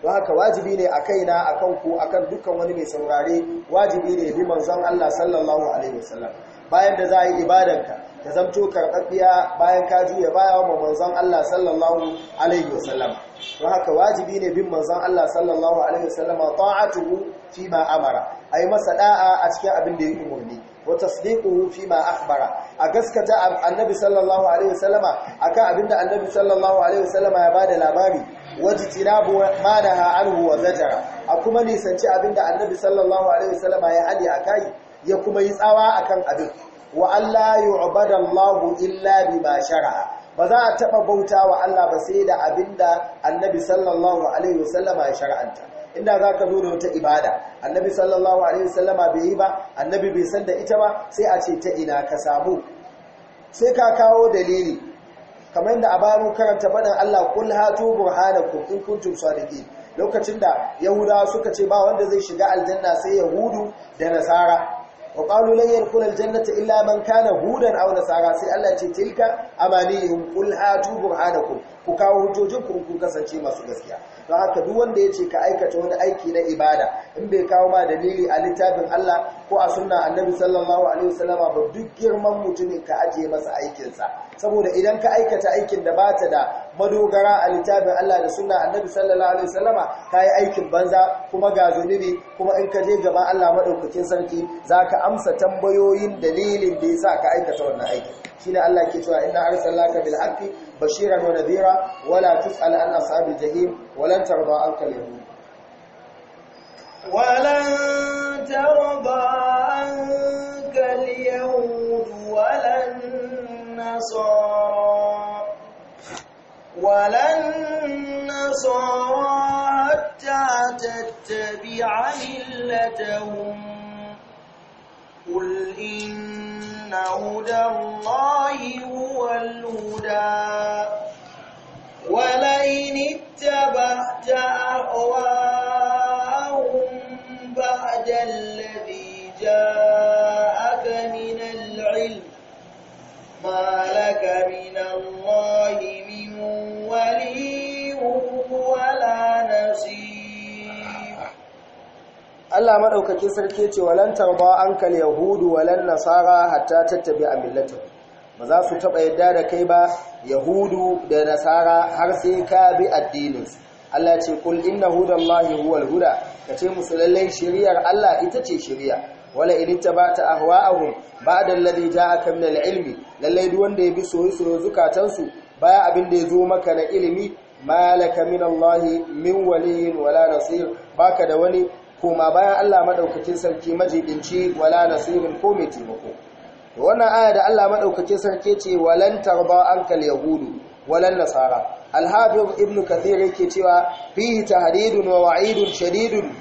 don haka wajibi ne a kaina akan ku akan dukkan wani mai saurare wajibi ne bi manzon Allah sallallahu alaihi wasallam bayan da za a yi ibadanka ta zamto karɓaɓɓiya bayan ka juya baya wa manzon Allah sallallahu alaihi wasallama. don haka wajibi ne bin manzon Allah sallallahu alaihi wasallam ta'atuhu fi ma amara a yi masa ɗa'a a cikin abin da ya yi umarni wa tasdiquhu fi ma akbara. a gaskata annabi sallallahu alaihi wasallama a akan abin da annabi sallallahu alaihi wasallama ya ba da labari waji bu ma da ha'arhu wa zajara a kuma nisanci abin da annabi sallallahu alaihi wasallama ya hali akai ya kuma yi tsawa a kan abin wa Allah yu'bada Allahu illa ba shara'a ba za a taɓa bauta wa Allah ba sai da abinda Annabi sallallahu alaihi wasallama ya shar'anta inda za ka zo da wata ibada annabi sallallahu alaihi wasallama bai yi ba annabi bai san da ita ba sai a ce ta ina ka samu sai ka kawo dalili kamar da a karanta faɗin Allah kun hatu burhanakum in kuntum sadiqin lokacin da yahudawa suka ce ba wanda zai shiga aljanna sai yahudu da nasara wa qalu lan yadkhula aljannata illa man kana hudan auna nasara sai Allah ce tilka amanihum qul hatu burhanakum ku kawo hujjojin ku ku kasance masu gaskiya don haka duk wanda ya ce ka aikata wani aiki na ibada in bai kawo ma dalili a littafin Allah ko a sunna annabi sallallahu alaihi wasallama ba duk girman mutumin ka ajiye masa aikinsa saboda idan ka aikata aikin da ba ta da madogara a littafin Allah da sunna annabi sallallahu alaihi wasallama ka yi aikin banza kuma ga zunubi kuma in ka je gaban Allah madaukakin sarki zaka amsa tambayoyin dalilin da yasa ka aikata wannan aikin shine Allah ke cewa inna arsalnaka bil haqqi bashiran wa nadhira wala tus'al an ashabil jahim walan tarda anka al ولن ترضى عنك اليهود ولا النصارى ولا النصارى حتى تتبع ملتهم قل إن هدى الله هو الهدى ولئن اتبعت أهواءهم بعد الذي جاءك من العلم ما لك من الله من ولي ولا نصير Allah madaukakin sarki ce walan tarba ankal yahudu walan nasara hatta tattabi'a millatahu ba za su taɓa yadda da kai ba yahudu da nasara har sai ka bi addininsu Allah ce kul inna hudallahi huwal huda ka ce musu lallai shiriyar Allah ita ce shiriya wala in ba da ba'da ta aka min al’ilmi lallai duk wanda ya bi soyayya zukatansu baya abin da ya zo maka na ilimi malaka min Allah min waliyin wala nasir baka da wani koma bayan Allah madaukakin sarki majibinci wala nasirin ko mai taimako wannan aya da Allah madaukakin sarki ce walan tarba ankal yahudu walan nasara alhafiz ibn kathir yake cewa fihi tahdidun wa wa'idun shadidun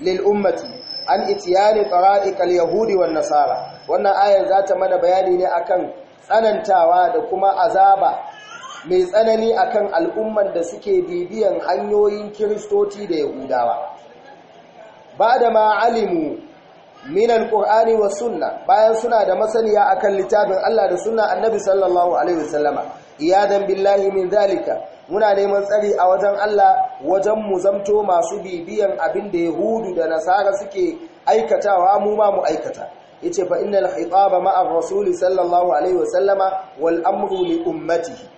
lil ummati an itiyani tara'iqal yahudi wan nasara wannan ayar za ta mana bayani ne akan tsanantawa da kuma azaba mai tsanani akan al'umman da suke bibiyan hanyoyin kiristoci da yahudawa ba da ma'alimu minan ƙorani wa sunna bayan suna da masaniya akan littafin Allah da sunna annabi sallallahu alaihi wasallama iyadan billahi min zalika muna neman tsari a wajen Allah wajen mu zamto masu bibiyan abin da yahudu da nasara suke aikatawa mu ma mu aikata yace fa innal khitaba ma'a rasul sallallahu alaihi sallama wal amru li ummatihi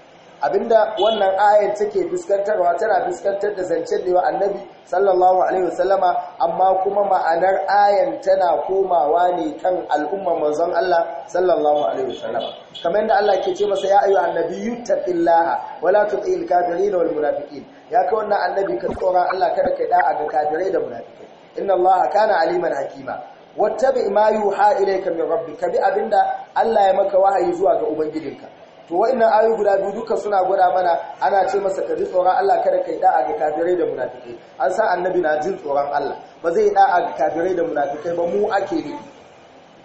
abinda wannan ayar take fuskantarwa tana fuskantar da zancen da annabi sallallahu alaihi wasallama amma kuma ma'anar ayar tana komawa ne kan al'umma manzon Allah sallallahu alaihi wasallama kamar yadda Allah ke ce masa ya annabi annabiyyu illaha wala tuqil kafirin wal munafiqin ya kai wannan annabi ka tsora Allah kada ka da'a ga kafirai da munafikai inna Allah kana aliman hakima wattabi ma yuha ilayka min rabbika bi abinda Allah ya maka wahayi zuwa ga ubangijinka to wa'annan ayu guda biyu duka suna gwada mana ana ce masa ka ji tsoron Allah kada kai da'a ga kafirai da munafikai an sa annabi na jin tsoron Allah ba zai da'a ga kafirai da munafikai ba mu ake ne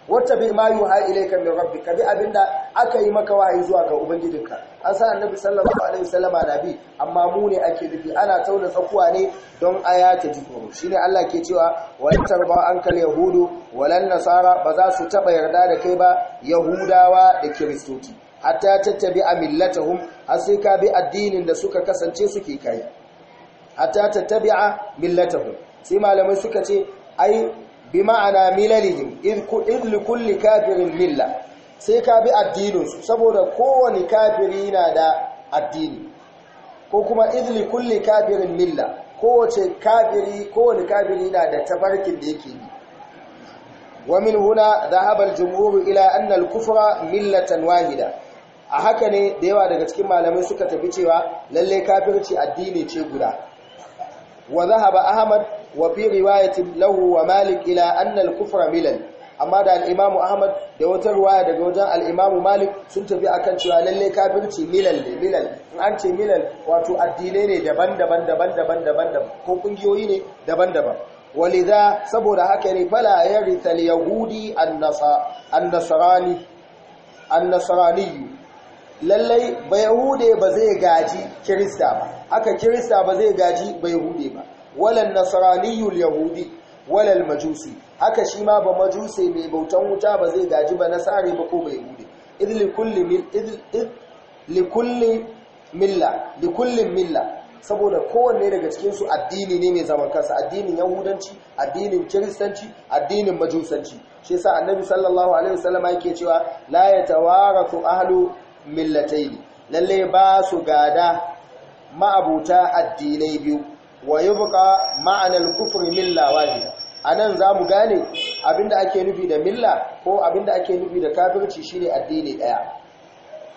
wata bi ma yuha ilayka min ka bi abinda aka yi maka wahayi zuwa ga ubangijinka an sa annabi sallallahu alaihi wasallama nabi amma mu ne ake nufi ana tauna tsakuwa ne don aya ta ji tsoro shine Allah ke cewa walan tarba kal yahudu walan nasara ba za su taba yarda da kai ba yahudawa da kiristoci hatta tattabi a millatahum a sai ka bi addinin da suka kasance suke kai hatta tattabi a millatahum sai malamai suka ce ai bi ma'ana milalihim idh kulli kafirin milla sai ka bi addininsu saboda kowane kafiri na da addini ko kuma idh kulli kafirin milla kowace kafiri kowane kafiri na da tafarkin da yake yi ومن هنا ذهب الجمهور إلى أن الكفر ملة واحدة a haka ne da yawa daga cikin malamai suka tafi cewa lalle kafirci addini ce guda wa zahaba ahmad wa fi riwayatin lahu wa malik ila anna kufra milal amma da al'imamu imamu ahmad da wata riwaya daga wajen al'imamu malik sun tafi akan cewa lalle kafirci milal ne milal in an ce milal wato addinai ne daban-daban daban-daban daban ko kungiyoyi ne daban-daban walidha saboda haka ne fala yarithal yahudi an-nasarani an lallai bai hude ba zai gaji kirista ba aka kirista ba zai gaji bai hude ba walal nasaraniyul yahudi walal majusi haka shi ma ba majusi mai bautan wuta ba zai gaji ba nasare ba ko bai hude milla likullin milla saboda kowanne daga cikinsu addini ne mai zaman kansa addinin yahudanci addinin kiristanci addinin majusanci shi sa annabi sallallahu alaihi wasallam yake cewa la yatawarathu ahlu millataini lalle ba su gada ma'abuta addinai biyu wa yubqa ma'anal kufri milla wahida anan zamu gane abinda ake nufi da milla ko abinda ake nufi da kafirci shine addini daya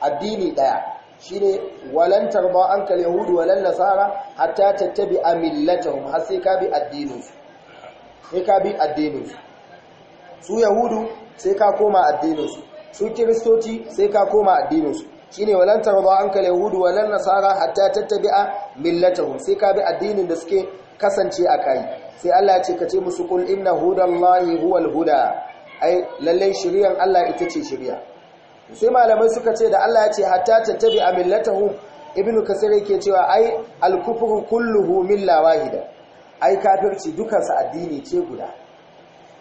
addini daya shine walan tarba ankal yahudu walan nasara hatta tattabi millatahum har ka bi addininsu sai ka bi addininsu su yahudu sai ka koma addininsu su kiristoci sai ka koma addininsu Shi shine walan an anka yahudu walan nasara hatta a millatahum sai ka bi addinin da suke kasance a kai sai Allah ka ce kace musu kul inna hudallahi huwal huda ai lalle shiriyan Allah ita ce shiriya sai malamai suka ce da Allah ya ce hatta a millatahum ibnu kasir yake cewa ai al kulluhu milla wahida ai kafirci dukansa addini ce guda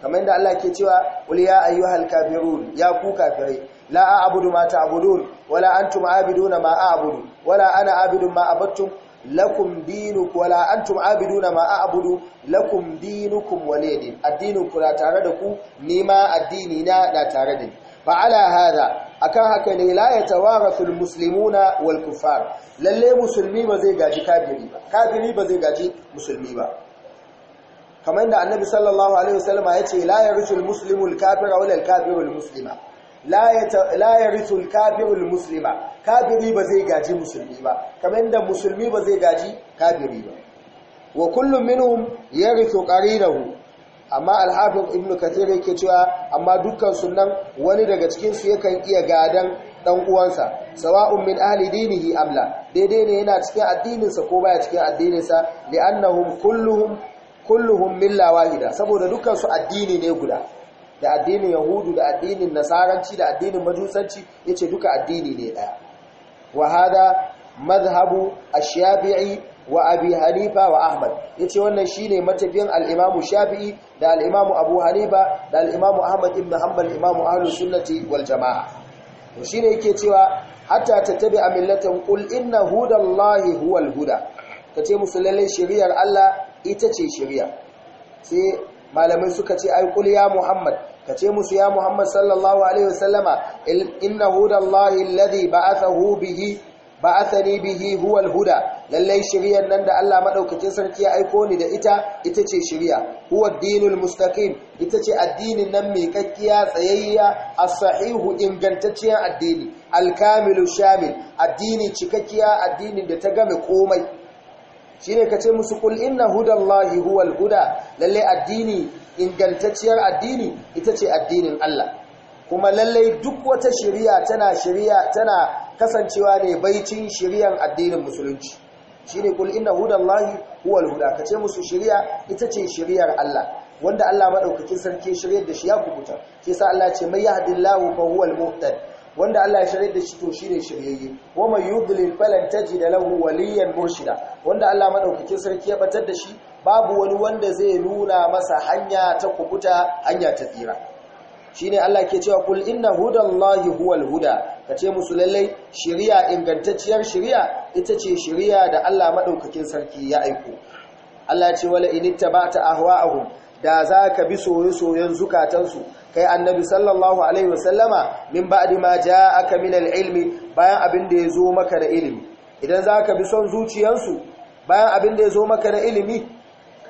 kamar yadda Allah ke cewa qul ya ayyuhal kafirun ya ku kafirai la a'budu ma ta'budun wala antum a'biduna ma a'budu wala ana a'budu ma abattum lakum dinukum wala antum a'biduna ma a'budu lakum dinukum waliyadin addinu kula tare da ku ni ma addini na na tare da ni fa ala hada akan haka ne la yatawarathu muslimuna wal kuffar lalle musulmi ba zai gaji kafiri ba kafiri ba zai gaji musulmi ba kamar da annabi sallallahu alaihi wasallam ya ce la yarithul almuslimu alkafira wala alkafiru almuslima la alkafiru almuslima kafiri ba zai gaji musulmi ba kamar da musulmi ba zai gaji kafiri ba wa kullum minhum yarithu qarinahu amma alhafiz Ibnu ibn kathir yake cewa amma dukkan sunan wani daga cikin su yakan iya gadan dan uwansa sawa'un min ahli dinihi amla daidai ne yana cikin addininsa ko baya cikin addininsa li'annahum kulluhum kulluhum milla wahida saboda dukkan su addini ne guda da addinin yahudu da addinin nasaranci da addinin majusanci yace duka addini ne daya wa hada madhhabu ash-shafi'i wa abi hanifa wa ahmad yace wannan shine matafiyan al-imamu shafi'i da al-imamu abu hanifa da al-imamu ahmad ibn hanbal imamu ahlu sunnati wal jamaa to shine yake cewa hatta tattabi'a millatan qul inna hudallahi huwal huda kace musu lalle shari'ar Allah ita ce shirya sai malamai suka ce ai kul ya muhammad ka ce musu ya muhammad sallallahu alaihi wasallama inna hudallahi alladhi ba'athahu bihi ba'athani bihi huwa alhuda lallai shiriyar nan da Allah madaukakin sarki ya aiko ni da ita ita ce shiriya huwa dinul mustaqim ita ce addinin nan mai kakkiya tsayayya as-sahihu ingantacciyar addini al-kamilu shamil addini cikakkiya addinin da ta game komai shine kace musu kul inna hudallahi huwal huda lalle addini ingantacciyar addini ita ce addinin Allah kuma lalle duk wata shari'a tana shari'a tana kasancewa ne baicin shari'an addinin musulunci shine kul inna hudallahi huwal huda kace musu shari'a ita ce shari'ar Allah wanda Allah madaukakin sarki shiryar da shi ya kubuta shi sa Allah ce mai yahdillahu fa huwal muhtad wanda Allah ya shirye da shi to shi ne shiryayye wa mai yudlil falan da lahu waliyan murshida wanda Allah madaukakin sarki ya batar da shi babu wani wanda zai nuna masa hanya ta kubuta hanya ta tsira shine Allah ke cewa kul inna hudallahi huwal huda kace musu lallai shiriya ingantacciyar shiriya ita ce shiriya da Allah madaukakin sarki ya aiko Allah ce wala in ittaba'ta ahwa'ahum da zaka bi soyoyin zukatansu kai annabi sallallahu alaihi wasallama min ba'di ma ja'aka min al-ilmi bayan abin da yazo maka da ilimi idan zaka bi son zuciyansu bayan abin da yazo maka da ilimi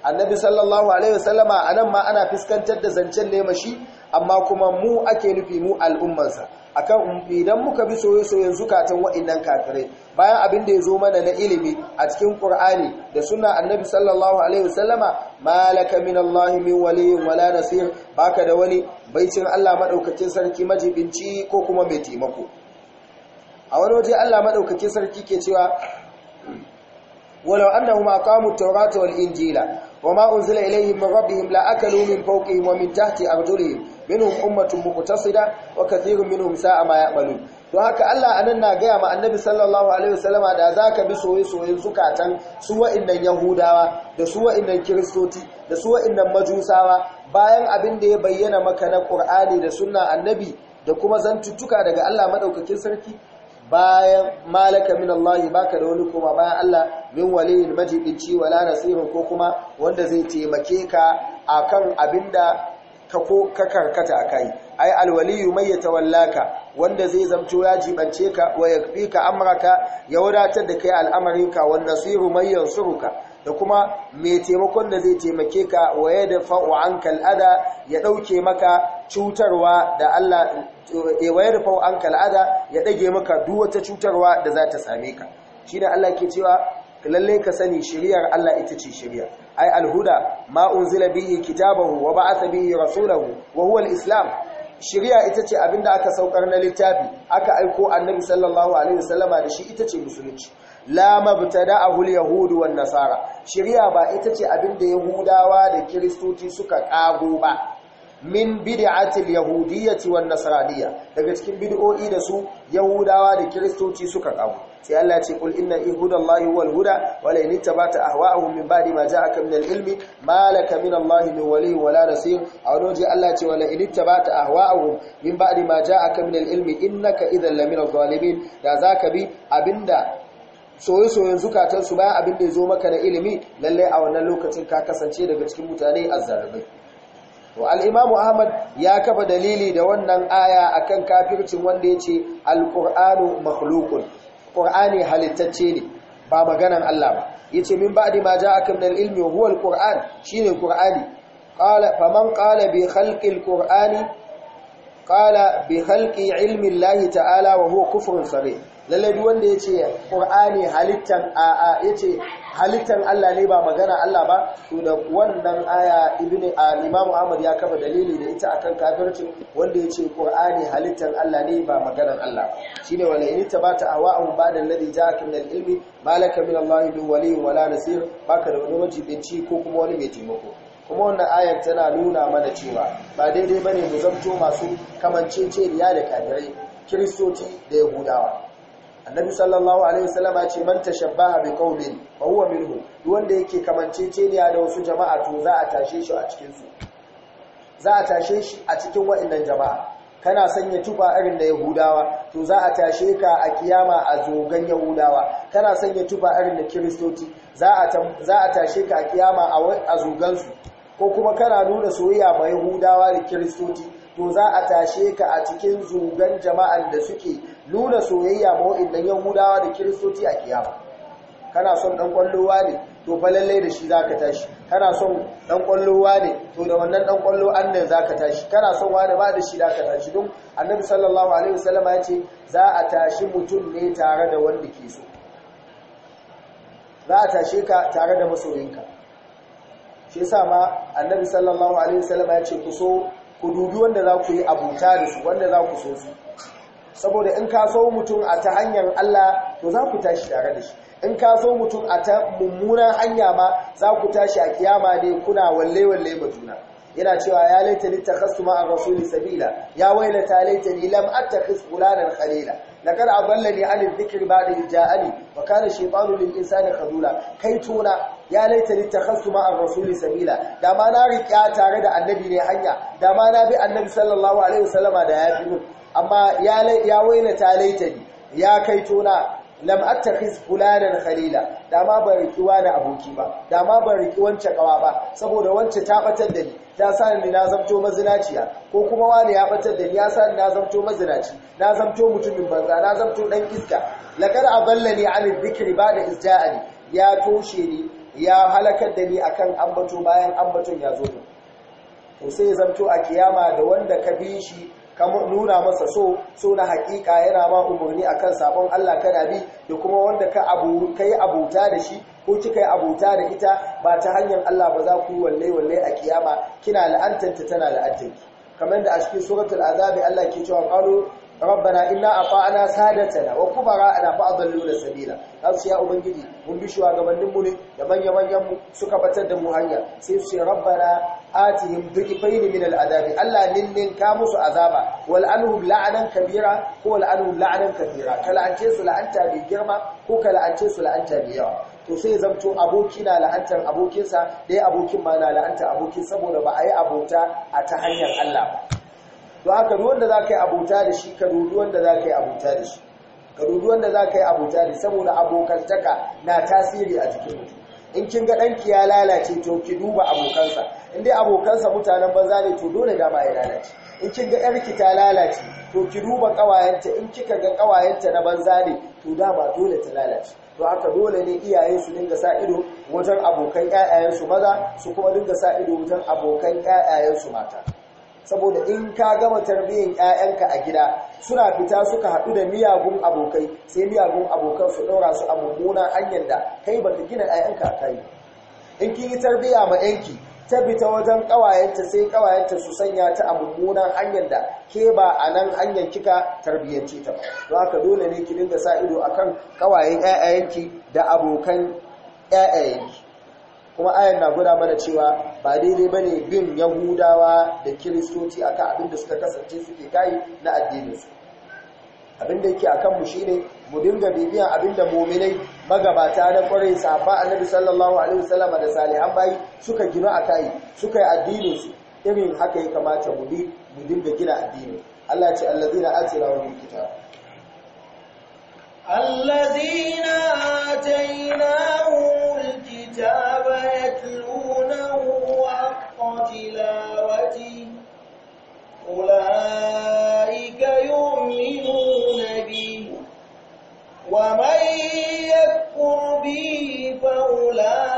annabi sallallahu alaihi wasallama nan ma ana fuskantar da zancen nema shi, amma kuma mu ake nufi mu al'ummarsa akan um, idan muka bi soyoyin zukatan wainnan kafirai bayan abin da ya zo mana na ilimi a cikin Ƙur'ani, da sunna annabi sallallahu alaihi wasallama malaka minallahi min waliyyin wala nasir baka da wani baicin Allah madaukakin sarki majibinci ko kuma mai taimako a wani waje Allah madaukakin sarki ke cewa walau annahum aqamu at-taurata wal injila وما أنزل إليهم من ربهم لأكلوا من فوقهم ومن تحت أرجلهم منهم أمة مقتصدة وكثير منهم ساء ما يعملون don haka Allah anan na gaya ma annabi sallallahu alaihi wasallama da zaka bi soyayyen zukatan su wa'innan yahudawa da su wa'innan kiristoti da su wa'innan majusawa bayan abin da ya bayyana maka na Qur'ani da sunna annabi da kuma zantuttuka daga Allah madaukakin sarki bayan malaka min Allah baka da wani koma bayan Allah min waliyin majibinci wala nasirin ko kuma wanda zai taimake ka akan abinda ka ko ka karkata kayi. ai alwaliyu mai yatawallaka wanda zai zamto ya jibance ka wa yakfika amraka ya wadatar da kai al'amarin ka, wa nasiru mai yansuruka da kuma mai taimakon da zai taimake ka ya da fa'u an kal'ada ya ɗauke maka cutarwa da Allah eh, waye da fa'u an kal'ada ya ɗage maka duwata cutarwa da za ta same ka shi da Allah ke cewa lallai ka sani shiriyar Allah ita ce shirya ai alhuda ma unzila bihi kitabahu wa ba'atha bihi rasulahu wa huwa islam shirya ita ce abinda aka saukar na littafi aka aiko annabi sallallahu alaihi wasallama da shi ita ce musulunci la mabtada'ahu al yahudu wan nasara shari'a ba ita ce abinda da yahudawa da kiristoci suka kago ba min bid'atil yahudiyyati wan nasraniyya daga cikin bid'o'i da su yahudawa da kiristoci suka kago. sai Allah ce kul inna ihudallahi wal huda wa la yantabata ahwa'uhum min ba'di ma ja'aka min al ilmi Malaka min Allah min wali wa la nasir aw loji Allah ce wa la yantabata ahwa'uhum min ba'di ma ja'aka min al ilmi innaka idhan la min adh-dhalimin da zaka bi abinda soye-soyen zukatansu bayan abin da ya zo maka na ilimi lallai a wannan lokacin ka kasance daga cikin mutane a zarabai. to al'imamu ahmad ya kafa dalili da wannan aya akan kafircin wanda ya ce al'ur'anu makhlukun ƙur'ani halittacce ne ba maganan allah ba ya ce min ba'di ma ja akan dal ilmi huwal ƙur'an shi ne ƙur'ani faman ƙala bi halƙil ƙur'ani ƙala bi halƙi ilmin lahi ta'ala wa kufurin sare Lallai du wanda yace qur'ani halittan a halittan Allah ne ba magana Allah ba to da wannan aya ibnu al-imam Ahmad ya kafa dalili da ita akan kafirci wanda yace ƙurani halittan Allah ne ba maganar Allah shine wala in tabata awa'un ba'da alladhi ja'aka min al-ilmi malaka min Allah bi wali wala nasir baka da wani majibinci ko kuma wani mai taimako kuma wannan ayar tana nuna mana cewa ba daidai bane mu zamto masu kamanceceniya da kafirai kiristoci da yahudawa annabi sallallahu alaihi wasallam ya ce man tashabbaha bi qaumin fa huwa minhu wanda yake kamanceceniya da wasu jama'a to za a tashe shi a cikin su za a tashe shi a cikin waɗannan jama'a kana sanya tufa irin da yahudawa to za a tashe ka a kiyama a zogan yahudawa kana sanya tufa irin da kristoci za a tashe ka a kiyama a zogan su ko kuma kana nuna soyayya ma yahudawa da kristoci to za a tashe ka a cikin zogan jama'an da suke nuna soyayya ma waɗannan yahudawa da kiristoci a kiyama kana son dan kwallowa ne to fa lallai da shi zaka tashi kana son dan kwallowa ne to da wannan dan kwallo annan zaka tashi kana son wani ba da shi zaka tashi don annabi sallallahu alaihi wasallam ya ce za a tashi mutum ne tare da wanda ke so za a tashe ka tare da masoyinka shi yasa ma annabi sallallahu alaihi wasallam ya ce ku so ku dubi wanda za ku yi abuta da su wanda za ku so su saboda in ka so mutum a ta hanyar Allah to za ku tashi tare da shi in ka so mutum a ta mummunan hanya ma za ku tashi a kiyama ne kuna walle walle ba yana cewa ya laita ni takhassu a rasuli sabila ya wailata laita ni lam attakhis fulanan khalila laqad adallani an adh-dhikri ba'da ja'ani wa kana shaytanu lil insani khadula kai tona ya laita ni takhassu a rasuli sabila da ma na riƙa tare da annabi ne hanya da ma na bi annabi sallallahu alaihi wasallama da yafi mun amma ya waina ta laitani ya kai tona lam attakhiz fulanan khalila dama ban riki wani aboki ba dama ban riki wance kawa ba saboda wance ta batar da ni ta sa ni na zamto mazinaciya ko kuma wani ya batar da ni ya sa ni na zamto mazinaci na zamto mutumin banza na zamto dan iska lakar aballani an dhikri ba da izja'ani ya toshe ni ya halakar da ni akan ambato bayan ambaton ya zo to sai zamto a kiyama da wanda ka bi shi ka nuna masa so so na hakika yana ba umarni akan sabon Allah kana bi da kuma wanda ka abu kai abuta da shi ko kika yi abuta da ita ba ta hanyar Allah ba za ku walle walle a kiyama kina la'antanta tana la'antanki kamar da a cikin suratul azabi Allah ke cewa qalu rabbana inna ata'na na. wa kubara'ana fa adalluna sabila dan su ya ubangiji mun bi shugabannin mu ne da manyan manyan mu suka batar da mu hanya sai su rabbana atihim dhifayn min al'adabi Allah ninnin ka musu azaba wal anhum la'anan kabira ko wal la'anan kabira Ka la'ance su la'anta bi girma ko ka la'ance su la'anta bi yawa to sai zamto aboki na la'antar abokinsa dai abokin ma na la'antar abokin saboda ba a yi abota a ta hanyar Allah ba to aka ruwan da za ka yi abota da shi ka ruwan da za ka yi abuta da shi ka ruwan da za ka yi abuta da saboda abokantaka na tasiri a jikin mutum in kin ga ɗanki ya lalace to ki duba abokansa in dai abokansa mutanen banza ne to dole dama ya lalace in kin ga yarki ta lalace to ki duba ƙawayenta in kika ga ƙawayenta na banza ne to dama dole ta lalace to haka dole ne iyayen su dinga sa ido wajen abokan su maza su kuma dinga sa ido wajen abokan su mata saboda in ka gama tarbiyyar 'ya'yanka a gida suna fita suka haɗu da miyagun abokai sai miyagun abokan su ɗaura su a mummunan hanyar da kai ba ka gina 'ya'yanka a kai in kin yi tarbiyya ma 'yanki ta fita wajen ƙawayenta sai ƙawayenta su sanya ta a mummunan hanyar da ke ba a nan hanyar kika tarbiyyance ta ba don haka dole ne ki dinga sa ido akan ƙawayen 'ya'yanki da abokan 'ya'yanki kuma ayan na guda mana cewa ba daidai ba ne bin yahudawa da kiristoci a abin da suka kasance suke kayi na addininsu abin da a kanmu shi ne mu dinga bibiyan abinda da mu'minai magabata na kwarai sahaba annabi sallallahu alaihi wasallam da salihan bayi suka gina kai, suka yi addininsu irin haka ya kamata mu bi mu dinga gina addini Allah ya ce allazina a kitab allazina atainahum Jami'in shugaban ɗayawa, aiki aiki, aiki na kuskure aiki, aiki na kuskure. Kullum da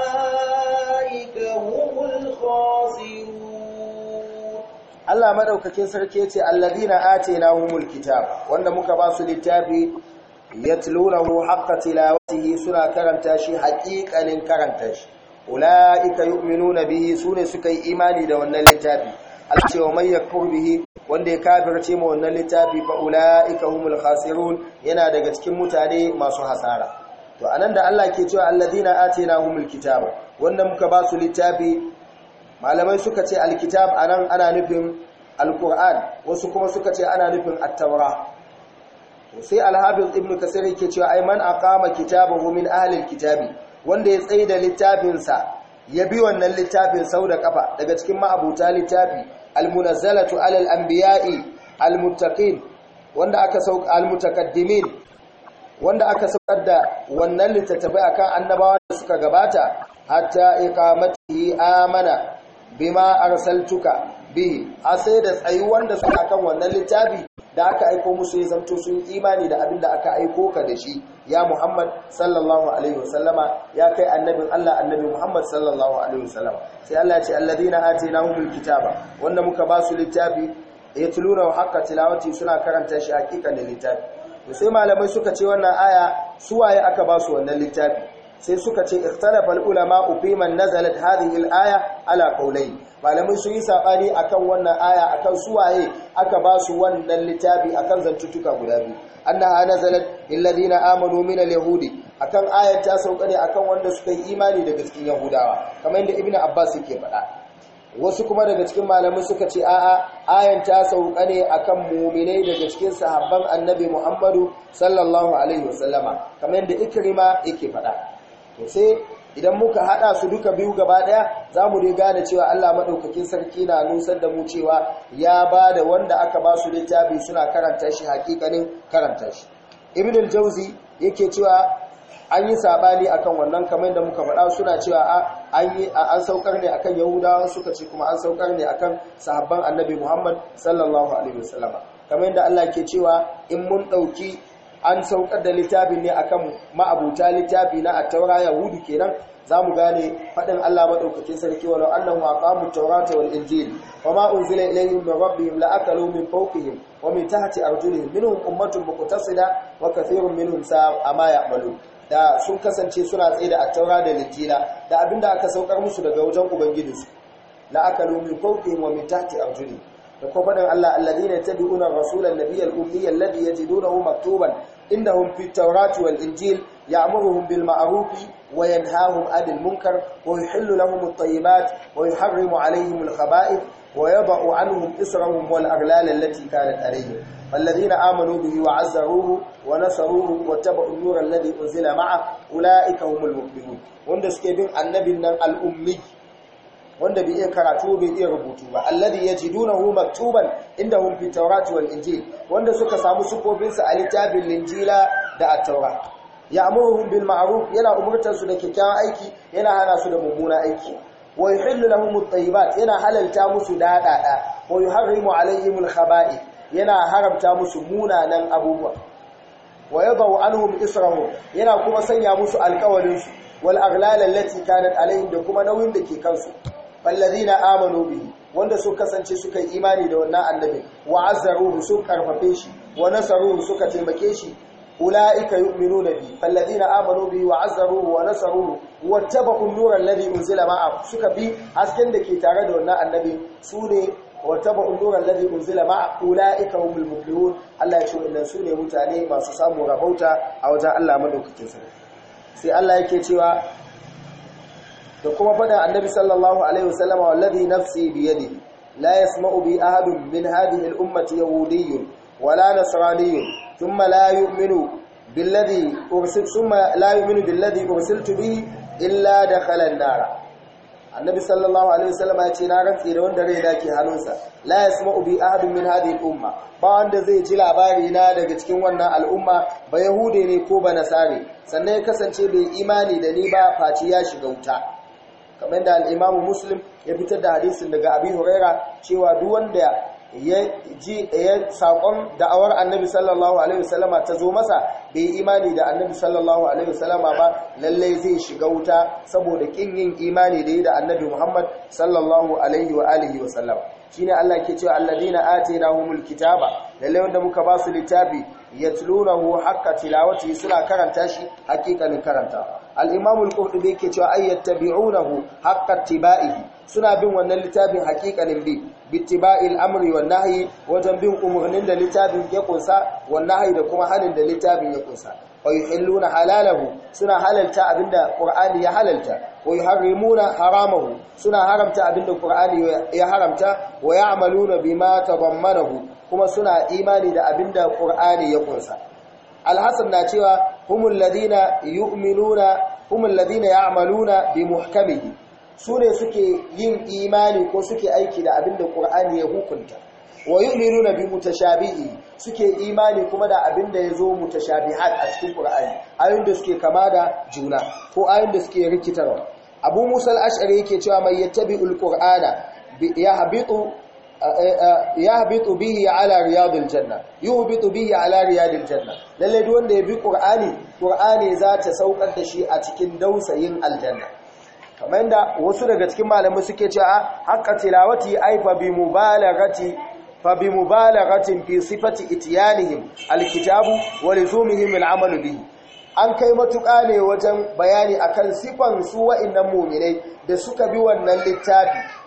Allah maɗaukakin sarki yace: «Allah dina Ata ina humulƙita?» Wanda muka basu littafi. yatlunahu haqqa tilawatihi suna karanta shi haƙiƙanin karanta shi ulaika yu'minuna bihi sune suka yi imani da wannan littafi Allah ce wa man yakfur bihi wanda ya kafirce ma wannan littafi fa ulaika humul khasirun yana daga cikin mutane masu hasara to anan da Allah ke cewa atina humul kitaba wanda muka ba su littafi malamai suka ce alkitab anan ana nufin alquran wasu kuma suka ce ana nufin at sai alhafiz ibn kasir yake cewa ai man aqama kitabahu min ahli alkitabi wanda ya tsaida littafin sa ya bi wannan littafin sau da kafa daga cikin ma'abuta littafi almunazzalatu alal anbiya'i almuttaqin wanda aka sauka almutakaddimin wanda aka saukar da wannan littattafai akan annabawa da suka gabata hatta iqamatihi amana bima arsaltuka bihi a sai da tsayuwar wanda suka kan wannan littafi da aka aiko musu ya zamto sun imani da abin da aka aiko ka da shi ya Muhammad sallallahu alaihi wasallama ya kai annabin Allah annabi Muhammad sallallahu alaihi wasallama sai Allah ya ce alladhina atainahumul kitaba wanda muka ba su littafi yatluna haqqa tilawati suna karanta shi hakikan littafi sai malamai suka ce wannan aya suwaye aka ba su wannan littafi sai suka ce ikhtalafa ulama fi man nazalat hadhihi al-aya ala qawlayn malamai sun yi sabani akan wannan aya akan suwaye aka ba su wannan littafi akan zantuttuka guda biyu annaha nazalat illadina amanu min alyahudi kan ayar ta sauka ne akan wanda suka yi imani daga cikin yahudawa kamar yadda ibnu abbas yake faɗa wasu kuma daga cikin malamai suka ce a'a ayan ta sauka ne akan mu'minai daga cikin sahabban annabi muhammadu sallallahu alaihi wasallama kamar yadda ikrima yake faɗa to sai idan muka hada su duka biyu gaba daya za mu dai gane cewa Allah madaukakin sarki na nusar da mu cewa ya ba da wanda aka ba su littafi suna karanta shi hakikanin karanta shi ibn al-jawzi yake cewa an yi sabani akan wannan kamar da muka faɗa suna cewa an yi an saukar ne akan yahudawa suka ce kuma an saukar ne akan sahabban annabi muhammad sallallahu alaihi wasallam kamar yadda Allah ke cewa in mun dauki an saukar da littafi ne akan ma'abuta littafi na attaura taura yahudu kenan zamu gane fadin Allah madaukakin sarki walau annahum aqamu at-taurata wal injil wama unzila ilayhim min rabbihim la'akalu min fawqihim wa min tahti arjulihim minhum ummatun muqtasida wa kathirun minhum sa'a ma ya'malu da sun kasance suna tsaye da taura da injila da abinda aka saukar musu daga wajen ubangijinsu la'akalu min fawqihim wa min tahti arjulihim da kuma faɗin Allah alladhina yattabi'una ar-rasula an-nabiyya ya nuna yajidunahu maktuban indahum fi tawrati wal injil ya'muruhum bil ma'ruf wa yanhahum 'anil munkar wa yuhillu lahum at-tayyibat wa yuharrimu 'alayhim al-khaba'ith wa yad'u 'anhum israhum wal aghlal allati kanat 'alayhim alladhina amanu bihi wa 'azzaruhu wa nasaruhu wa tabu'u an-nura alladhi unzila ma'a ulaika humul muflihun wanda suke bin annabin nan al wanda bai iya karatu bai iya rubutu ba alladhi yajidunahu maktuban indahum fi tawrati wal injil wanda suka samu sukofin sa a littafin injila da at-taura ya'muruhum bil ma'ruf yana umurtar su da kyakkyawan aiki yana hana su da mummunan aiki wa yuhillu lahum at-tayyibat yana halalta musu dadada wa yuharrimu alayhim al-khaba'ith yana haramta musu munanan abubuwa wa yadau anhum israhu yana kuma sanya musu alƙawarin su wal aghlal allati kanat da kuma nauyin da ke kansu fallazina amanu bihi wanda su kasance suka yi imani da wannan annabi wa azzaruhu su karfafe shi wa nasaruhu suka taimake shi ulaika yu'minuna bi fallazina amanu bi wa azzaruhu wa nasaruhu wattaba'u an-nura unzila ma'a suka bi asken da ke tare da wannan annabi su ne wattaba'u an-nura alladhi unzila ma'a ulaika humul muflihun Allah ya ce inna su ne mutane masu samu rabauta a wajen Allah madaukakin sarki sai Allah yake cewa da kuma faɗin annabi sallallahu alaihi wasallam wallazi nafsi bi yadihi la yasma'u bi ahadin min hadhihi al-ummati yahudiyyun wala nasraniyyun thumma la yu'minu billadhi ursiltu thumma la yu'minu billadhi ursiltu bihi illa dakhala an-nar annabi sallallahu alaihi wasallam ya ce na rantsi da wanda rai dake hannunsa la yasma'u bi ahadin min hadhihi al-umma ba wanda zai ji labari na daga cikin wannan al'umma ba yahude ne ko ba nasare sannan ya kasance bai imani da ni ba faci ya shiga wuta kamar da al'imamu muslim ya fitar da hadisin daga abin huraira cewa duk wanda ya ji ya saƙon da'awar annabi sallallahu alaihi wasallama ta zo masa bai imani da annabi sallallahu alaihi wasallama ba lallai zai shiga wuta saboda ƙin yin imani da yi da annabi muhammad sallallahu alaihi wa alihi wasallama ne Allah ke cewa alladina atinahumul kitaba lalle wanda muka ba su littafi yatlunahu haqqa tilawati suna karanta shi hakikanin karanta al-imam al-qurtubi yake cewa ayyattabi'unahu yattabi'unahu haqqa tiba'ihi suna bin wannan littafin hakikanin bi bittiba'il amri wan nahyi wajen bin umurnin da littafin ya kunsa wan nahyi da kuma halin da littafin ya kunsa wa yuhilluna halalahu suna halalta abinda qur'ani ya halalta wa yuharrimuna haramahu suna haramta abinda qur'ani ya haramta wa ya'maluna bima tadammanahu kuma suna imani da abin da ƙur'ani ya ƙunsa. alhassan na cewa humul ladina yu'minuna humul ladina ya'maluna bi muhkamihi sune suke yin imani ko suke aiki da abin da ƙur'ani ya hukunta wa yu'minuna bi mutashabihi suke imani kuma da abin abinda yazo mutashabihat a cikin ƙur'ani ayoyin da suke kama da juna ko ayoyin da suke rikitarwa abu Musal ashari yake cewa mai yattabi'ul qur'ana yahbitu yahbitu bihi ala riyadil janna yuhbitu bihi ala riyadil janna lalle duk wanda ya bi qur'ani qur'ani za ta saukar da shi a cikin dausayin aljanna kamar yadda wasu daga cikin malamai suke cewa haqqa tilawati ay fa bi mubalaghati fa bi mubalaghatin fi sifati ityanihim alkitabu wa lizumihim al'amalu bihi an kai matuƙa ne wajen bayani akan sifan su wa'annan mu'minai da suka bi wannan littafi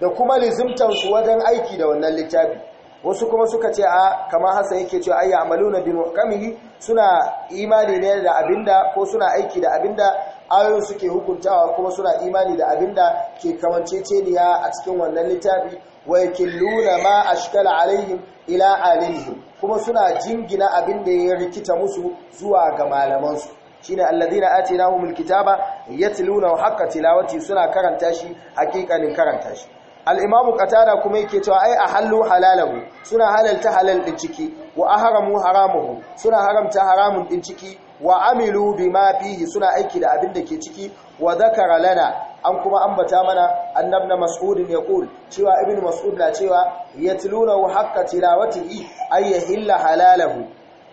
da kuma lizimtansu wajen aiki da wannan littafi wasu kuma suka ce a kamar hassan yake cewa ayya amaluna bin kamihi suna imani ne da abinda ko suna aiki da abinda ayoyin suke hukuntawa kuma suna imani da abinda ke kamanceceniya a cikin wannan littafi wa yakilluna ma ashkala alaihim ila alaihim kuma suna jingina abinda ya rikita musu zuwa ga malamansu shine alladhina atinahumul kitaba yatluna haqqa tilawati suna karanta shi hakikanin karanta shi al'imamu katada kuma yake cewa ai a hallu halalahu suna halalta halal ɗin ciki wa a haramu haramuhu suna haramta haramun ɗin ciki wa amilu bi ma fihi suna aiki da abin da ke ciki wa zakara lana an kuma ambata mana annabna mas'udin ya kul cewa ibn mas'ud na cewa ya tiluna wa haqqa tilawatihi ay yahilla halalahu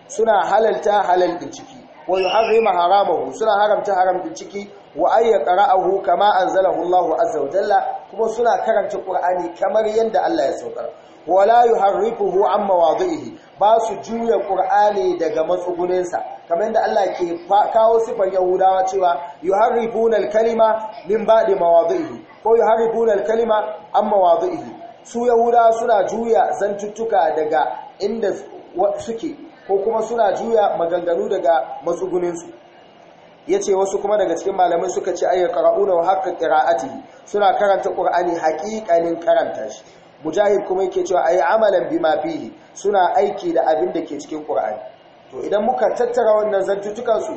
suna halalta halal ɗin ciki wa yuharrima haramahu suna haramta haram ɗin ciki wa ayya qara'ahu kama anzalahu Allah azza wa jalla kuma suna karanta Qur'ani kamar yadda Allah ya saukar wala yuharrifuhu an mawadhihi ba su juya Qur'ani daga matsugunin kamar yadda Allah ke kawo sifar Yahudawa cewa yuharrifuna al-kalima min ba'di mawadhihi ko yuharrifuna al-kalima an mawadhihi su Yahudawa suna juya zantuttuka daga inda suke ko kuma suna juya maganganu daga matsuguninsu Ya ce wasu kuma daga cikin malamai suka ce ayyar qara'una wa haqqa qira'atihi suna karanta ƙur'ani haƙiƙanin karanta shi mujahid kuma yake cewa ayi amalan bima mafihi suna aiki da abin da ke cikin ƙur'ani. to idan muka tattara wannan zantutukan su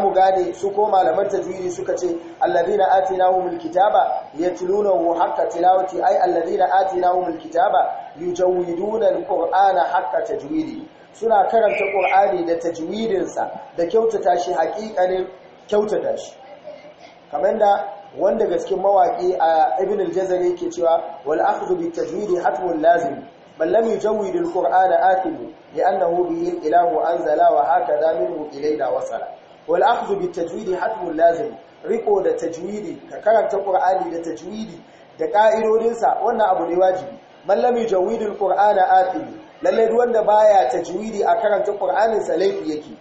mu gane su ko malaman tajwidi suka ce alladhina atinahumul kitaba yatlunahu haqqa tilawati ay kitaba yujawwiduna alqur'ana haqqa tajwidi suna karanta qur'ani da tajwidinsa da kyautata shi haƙiƙanin kyautata shi kamar da wanda cikin mawaƙi a ibn al-jazari yake cewa wal akhdhu bi tajwid hatmun lazim bal lam yujawwid al-qur'ana athimu li'annahu bihi al-ilahu anzala wa hakadha minhu ilayna wasala wal akhdhu bi tajwid hatmun lazim riko da tajwidi ka karanta qur'ani da tajwidi da ka'idodinsa wannan abu ne wajibi Mallami, lam yujawwid al-qur'ana athimu lalle wanda baya tajwidi a karanta qur'anin sa laifi yake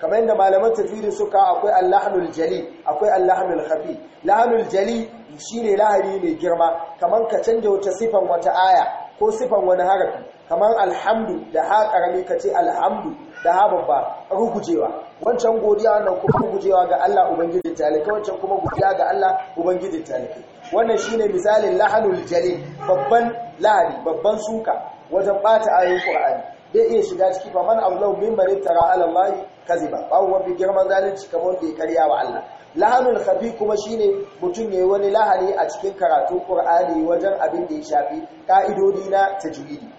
kamar yadda malaman tafsiri suka akwai allahnul jali akwai allahnul hafi. lahanul jali shine lahani mai girma kamar ka canja wata sifan wata aya ko sifan wani harafi kamar alhamdu da ha ƙarami ka ce alhamdu da ha babba rugujewa wancan godiya wannan kuma rugujewa ga Allah ubangijin talikai wancan kuma godiya ga Allah ubangijin talikai wannan shine misalin lahanul jali babban lahani babban suka wajen ɓata ayoyin ƙur'ani Zai iya shiga ciki fa man aulau mimman iftara ala Allah kaziba babu mafi girman zalunci kamar da ya karya wa Allah lahanul khafi kuma shine mutum yayi wani lahani a cikin karatu Qur'ani wajen abin da ya shafi ka'idodi na tajwidi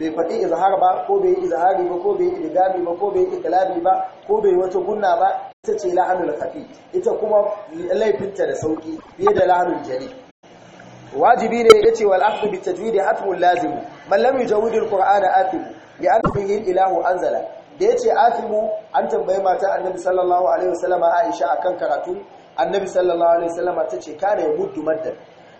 bai faɗi izhar ba ko bai izhari ba ko bai idgami ba ko bai iklabi ba ko bai wata gunna ba ita ce lahanul khafi ita kuma laifinta da sauki fiye da lahanul jari wajibi ne yace wal akhdhu bit tajwidi hatmul lazim man lam yujawid al qur'ana athim ya yin ilahu anzala da yace afimu an tambaye mata annabi sallallahu alaihi wasallama Aisha akan karatu annabi sallallahu alaihi wasallama tace kana muddu maddar?'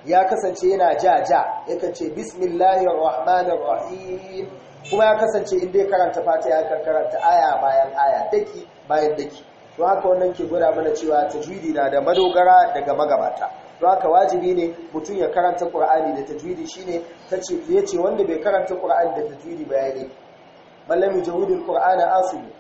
ya kasance yana ja ja yake ce bismillahir rahmanir rahim kuma ya kasance inda ya karanta fatiha ya karanta aya bayan aya daki bayan daki to haka wannan ke gwada mana cewa tajwidi na da madogara daga magabata to haka wajibi ne mutum ya karanta qur'ani da tajwidi shine tace yace wanda bai karanta qur'ani da tajwidi ba yayi man lam yujawidul qur'ana asibi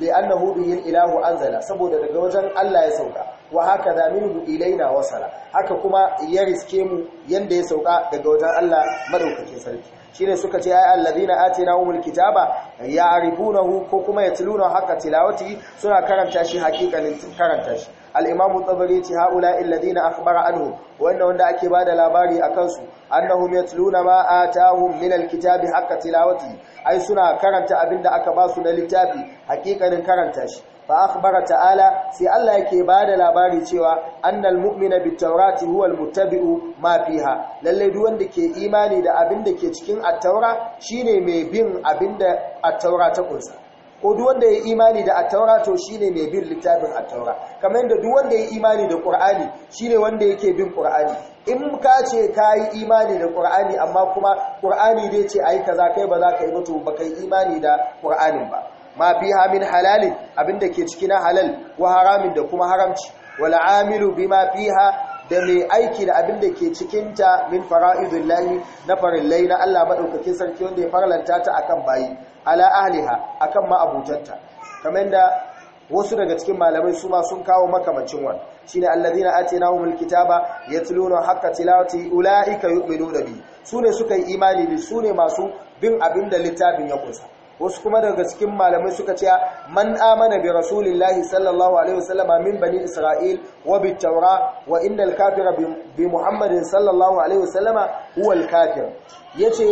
bi annahu bihi ilahu anzala saboda daga wajen Allah ya sauka wa haka da minhu ilaina wasala haka kuma ya riske mu yanda ya sauka daga wajen Allah madaukakin sarki shine suka ce ay alladhina atinahumul kitaba ya'rifunahu ko kuma yatluna haka tilawati suna karanta shi hakikanin karanta shi al-imamu tabari ce haula illadina akhbara anhu wannan wanda ake ba da labari a kansu. annahum yatluna ma atahum min al-kitabi haqqa tilawati ai suna karanta abinda aka ba su na littafi hakikanin karanta shi fa akhbara ta'ala sai Allah yake bada labari cewa annal mu'mina bit-taurati huwa al-muttabi'u ma fiha lalle duk wanda ke imani da abinda ke cikin at-taura shine mai bin abinda at-taura ta kunsa ko duk wanda ya yi imani da attaura to shi ne mai bin littafin attaura kamar yadda duk wanda ya yi imani da shi ne wanda yake bin Kur'ani. in ka ce ka yi imani da ƙur'ani amma kuma ƙur'ani dai ce a yi kaza kai ba za ka yi ba to ba kai imani da ƙur'anin ba ma fiha min halalin abinda ke ciki na halal wa haramin da kuma haramci wal amilu ma fiha da mai aiki da abin da ke cikinta min fara'idun lahi na farillai na Allah maɗaukakin sarki wanda ya farlanta ta kan bayi ala a akan ma'abutanta kamar da wasu daga cikin malamai su ma sun kawo makamacin wani umar kita ba ya tilona haka tilawati ulaika da bi ne suka yi imani su ne masu bin abin da littafin ya kusa. wasu kuma daga cikin malamai suka ce man amana bi rasulillahi sallallahu alaihi wasallam min bani isra'il wa bi tawra wa innal kafira bi muhammadin sallallahu alaihi wasallam huwa al kafir yace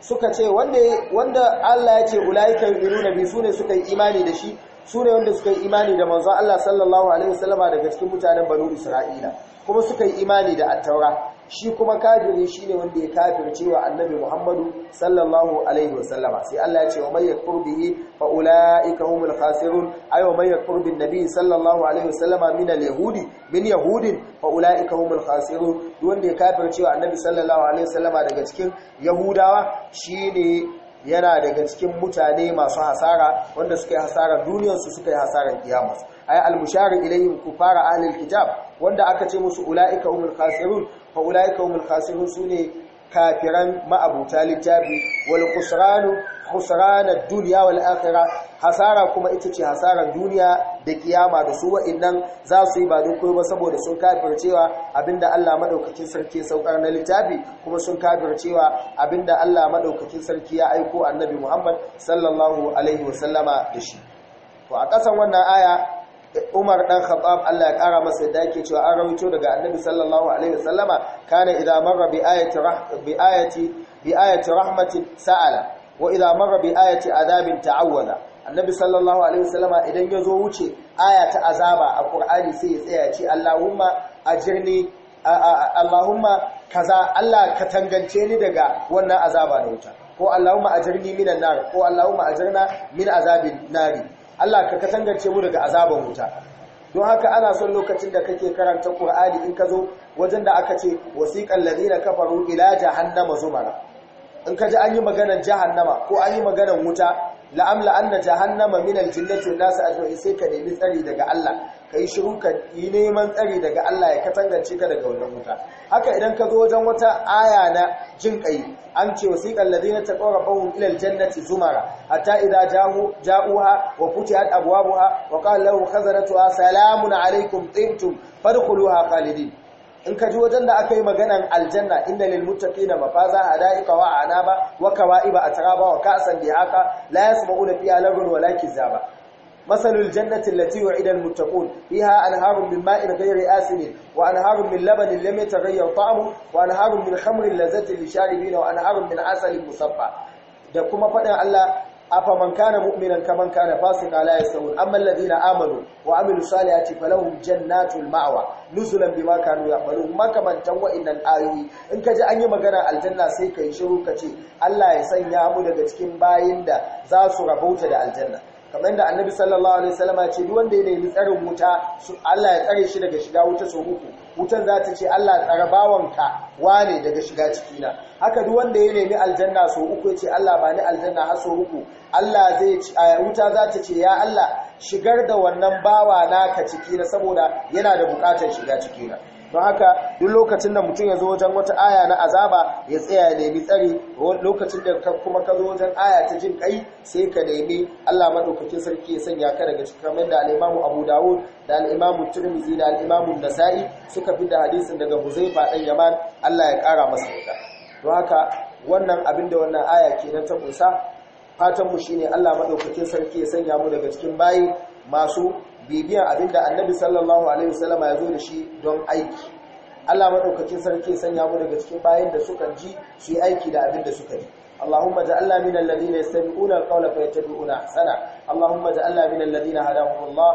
suka ce wanda wanda Allah ya ce ulaika yu'minuna bi sune suka yi imani da shi sune wanda suka yi imani da manzo Allah sallallahu alaihi wasallam daga cikin mutanen bani isra'ila kuma suka yi imani da at-taura shi kuma kafiri ne wanda ya kafirce wa annabi Muhammadu sallallahu alaihi wasallama sai Allah ya ce wa may yakfur bihi fa ulaika humul khasirun ay wa may nabi sallallahu alaihi wasallama min yahudi min yahudin khasirun wanda ya kafirce wa annabi sallallahu alaihi wasallama daga cikin yahudawa shine yana daga cikin mutane masu hasara wanda suka yi hasarar duniyarsu suka yi hasarar kiyamarsu Ai al-mushari ilayhim kufara ahlil kitab wanda aka ce musu ulaika humul khasirun fa ulaika humul khasirun ne kafiran ma'abuta littafi wal khusranu duniya dunya wal akhirah hasara kuma ita ce hasaran duniya da kiyama da su wa'innan za su yi ba dukkan ba saboda sun kafir cewa abinda Allah madaukakin sarki saukar na littafi kuma sun kafir cewa abinda Allah madaukakin sarki ya aiko annabi Muhammad sallallahu alaihi wasallama da shi to a kasan wannan aya Umar dan Khattab Allah ya kara masa da yake cewa an rawaito daga Annabi sallallahu alaihi wasallama kana idza marra bi ayati bi ayati bi ayati rahmatin sa'ala wa idza marra bi ayati adabin ta'awwada Annabi sallallahu alaihi wasallama idan yazo wuce aya ta azaba a Qur'ani sai ya tsaya ce Allahumma ajirni Allahumma kaza Allah ka tangance ni daga wannan azaba da wuta ko Allahumma ajirni minan nar ko Allahumma ajirna min azabin nar Allah ka kasance mu daga azaban wuta don haka ana son lokacin da kake karanta Qur'ani in ka zo wajen da aka ce wasiqal ladina kafaru ila jahannama zumara in ka ji an yi maganar jahannama ko an yi maganar wuta la'amla anna jahannama min al-jannati wa nasu ajma'in sai ka nemi tsari daga Allah ka yi shiru ka yi neman tsari daga Allah ya katangance ka daga wannan wuta haka idan ka zo wajen wata aya na jin kai an ce wasiqal na taqaw rabbahum ilal jannati zumara a idza jahu ja'uha wa futihat abwabuha wa qala lahum khazanatuha salamun alaykum tibtum fadkhuluha khalidin in ka ji wajen da aka yi maganan aljanna inda lil na mafaza da'ika wa ba wa kawaiba ba wa ka'san haka la yasma'una fiha lagun wala ba. masalul jannati allati wa'ida almuttaqun fiha anharun min ma'in ghayri asin wa anharun min labanin lam yataghayyar ta'amu wa anharun min khamrin lazzatin lisharibin asalin musaffa da kuma faɗin Allah afaman kana mu'minan kaman kana fasika la yasawun amma alladhina amanu wa amilu salihati falahum jannatul ma'wa nuzulan bima kanu ya'malun makamantan wa'innan ayoyi in ka je an yi magana aljanna sai ka yi shiru ka ce. Allah ya sanya mu daga cikin bayan da za su ta da aljanna kamar da annabi sallallahu alaihi wasallama ce duk wanda ya nemi tsarin wuta Allah ya tsare shi daga shiga wuta so uku wutan za ta ce Allah tsare bawanka wane daga shiga cikina haka duk wanda ya nemi aljanna so uku ce Allah ba ni aljanna har so uku Allah zai wuta za ta ce ya Allah shigar da wannan bawa naka cikina saboda yana da bukatar shiga cikina don haka duk lokacin da mutum ya zo wajen wata aya na azaba ya tsaya ya nemi tsari lokacin da kuma ka zo wajen aya ta jin kai sai ka nemi Allah madaukakin sarki ya sanya ka daga cikin kamar da al-Imam Abu Dawud da al-Imam Tirmidhi da al Nasa'i suka fi da hadisin daga Huzaifa dan Yaman Allah ya kara masa yarda don haka wannan abin da wannan aya kenan ta kusa, fatan mu shine Allah madaukakin sarki ya sanya mu daga cikin bayi masu bibiyan abinda annabi sallallahu alaihi wasallam ya zo da shi don aiki Allah madaukakin sarki sanya mu daga cikin bayan da suka ji su yi aiki da abinda suka ji اللهم اجعلنا من الذين يستمعون القول فيتبعون احسنه اللهم اجعلنا من الذين هداهم الله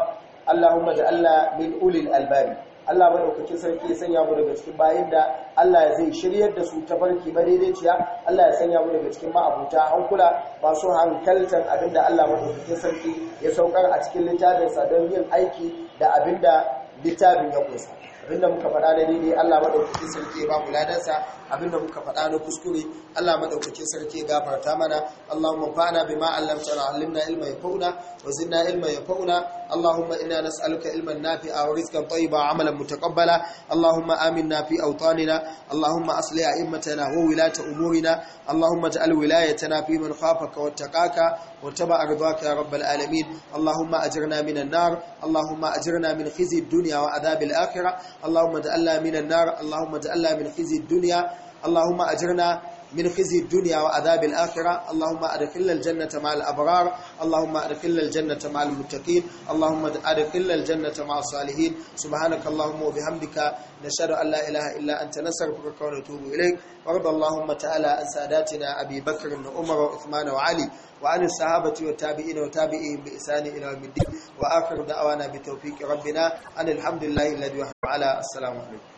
اللهم اجعلنا من اولي الالباب Allah madaukakin sarki ya sanya mu daga cikin bayin da Allah zai shiryar da su ta barki daidaiciya Allah ya sanya mu daga cikin ma'abuta hankula Ba masu abin abinda Allah madaukakin sarki ya saukar a cikin littafinsa don yin aiki da abinda littafin ya abin abinda muka faɗa da daidai Allah madaukakin sarki ya ba mu ladansa abinda muka faɗa na kuskure Allah madaukakin sarki ya gafarta mana Allahumma fa'ana bima 'allamtana 'allimna ilma yafuna wa zinna ilma yafuna اللهم إنا نسألك علما نافعا ورزقا طيبا وعملا متقبلا اللهم آمنا في أوطاننا اللهم أصلح أئمتنا وولاة أمورنا اللهم اجعل ولايتنا في من خافك واتقاك واتبع رضاك يا رب العالمين اللهم أجرنا من النار اللهم أجرنا من خزي الدنيا وعذاب الآخرة اللهم اجعلنا من النار اللهم اجعلنا من خزي الدنيا اللهم أجرنا من خزي الدنيا وعذاب الآخرة اللهم أدخلنا الجنة مع الأبرار اللهم أدخلنا الجنة مع المتقين اللهم أدخلنا الجنة مع الصالحين سبحانك اللهم وبحمدك نشهد أن لا إله إلا أنت نستغفرك ونتوب إليك وارض اللهم تعالى عن ساداتنا أبي بكر وعمر وعثمان وعلي وعن الصحابة والتابعين وتابعين بإحسان إلى يوم الدين وآخر دعوانا بتوفيق ربنا أن الحمد لله الذي وحده على السلام عليكم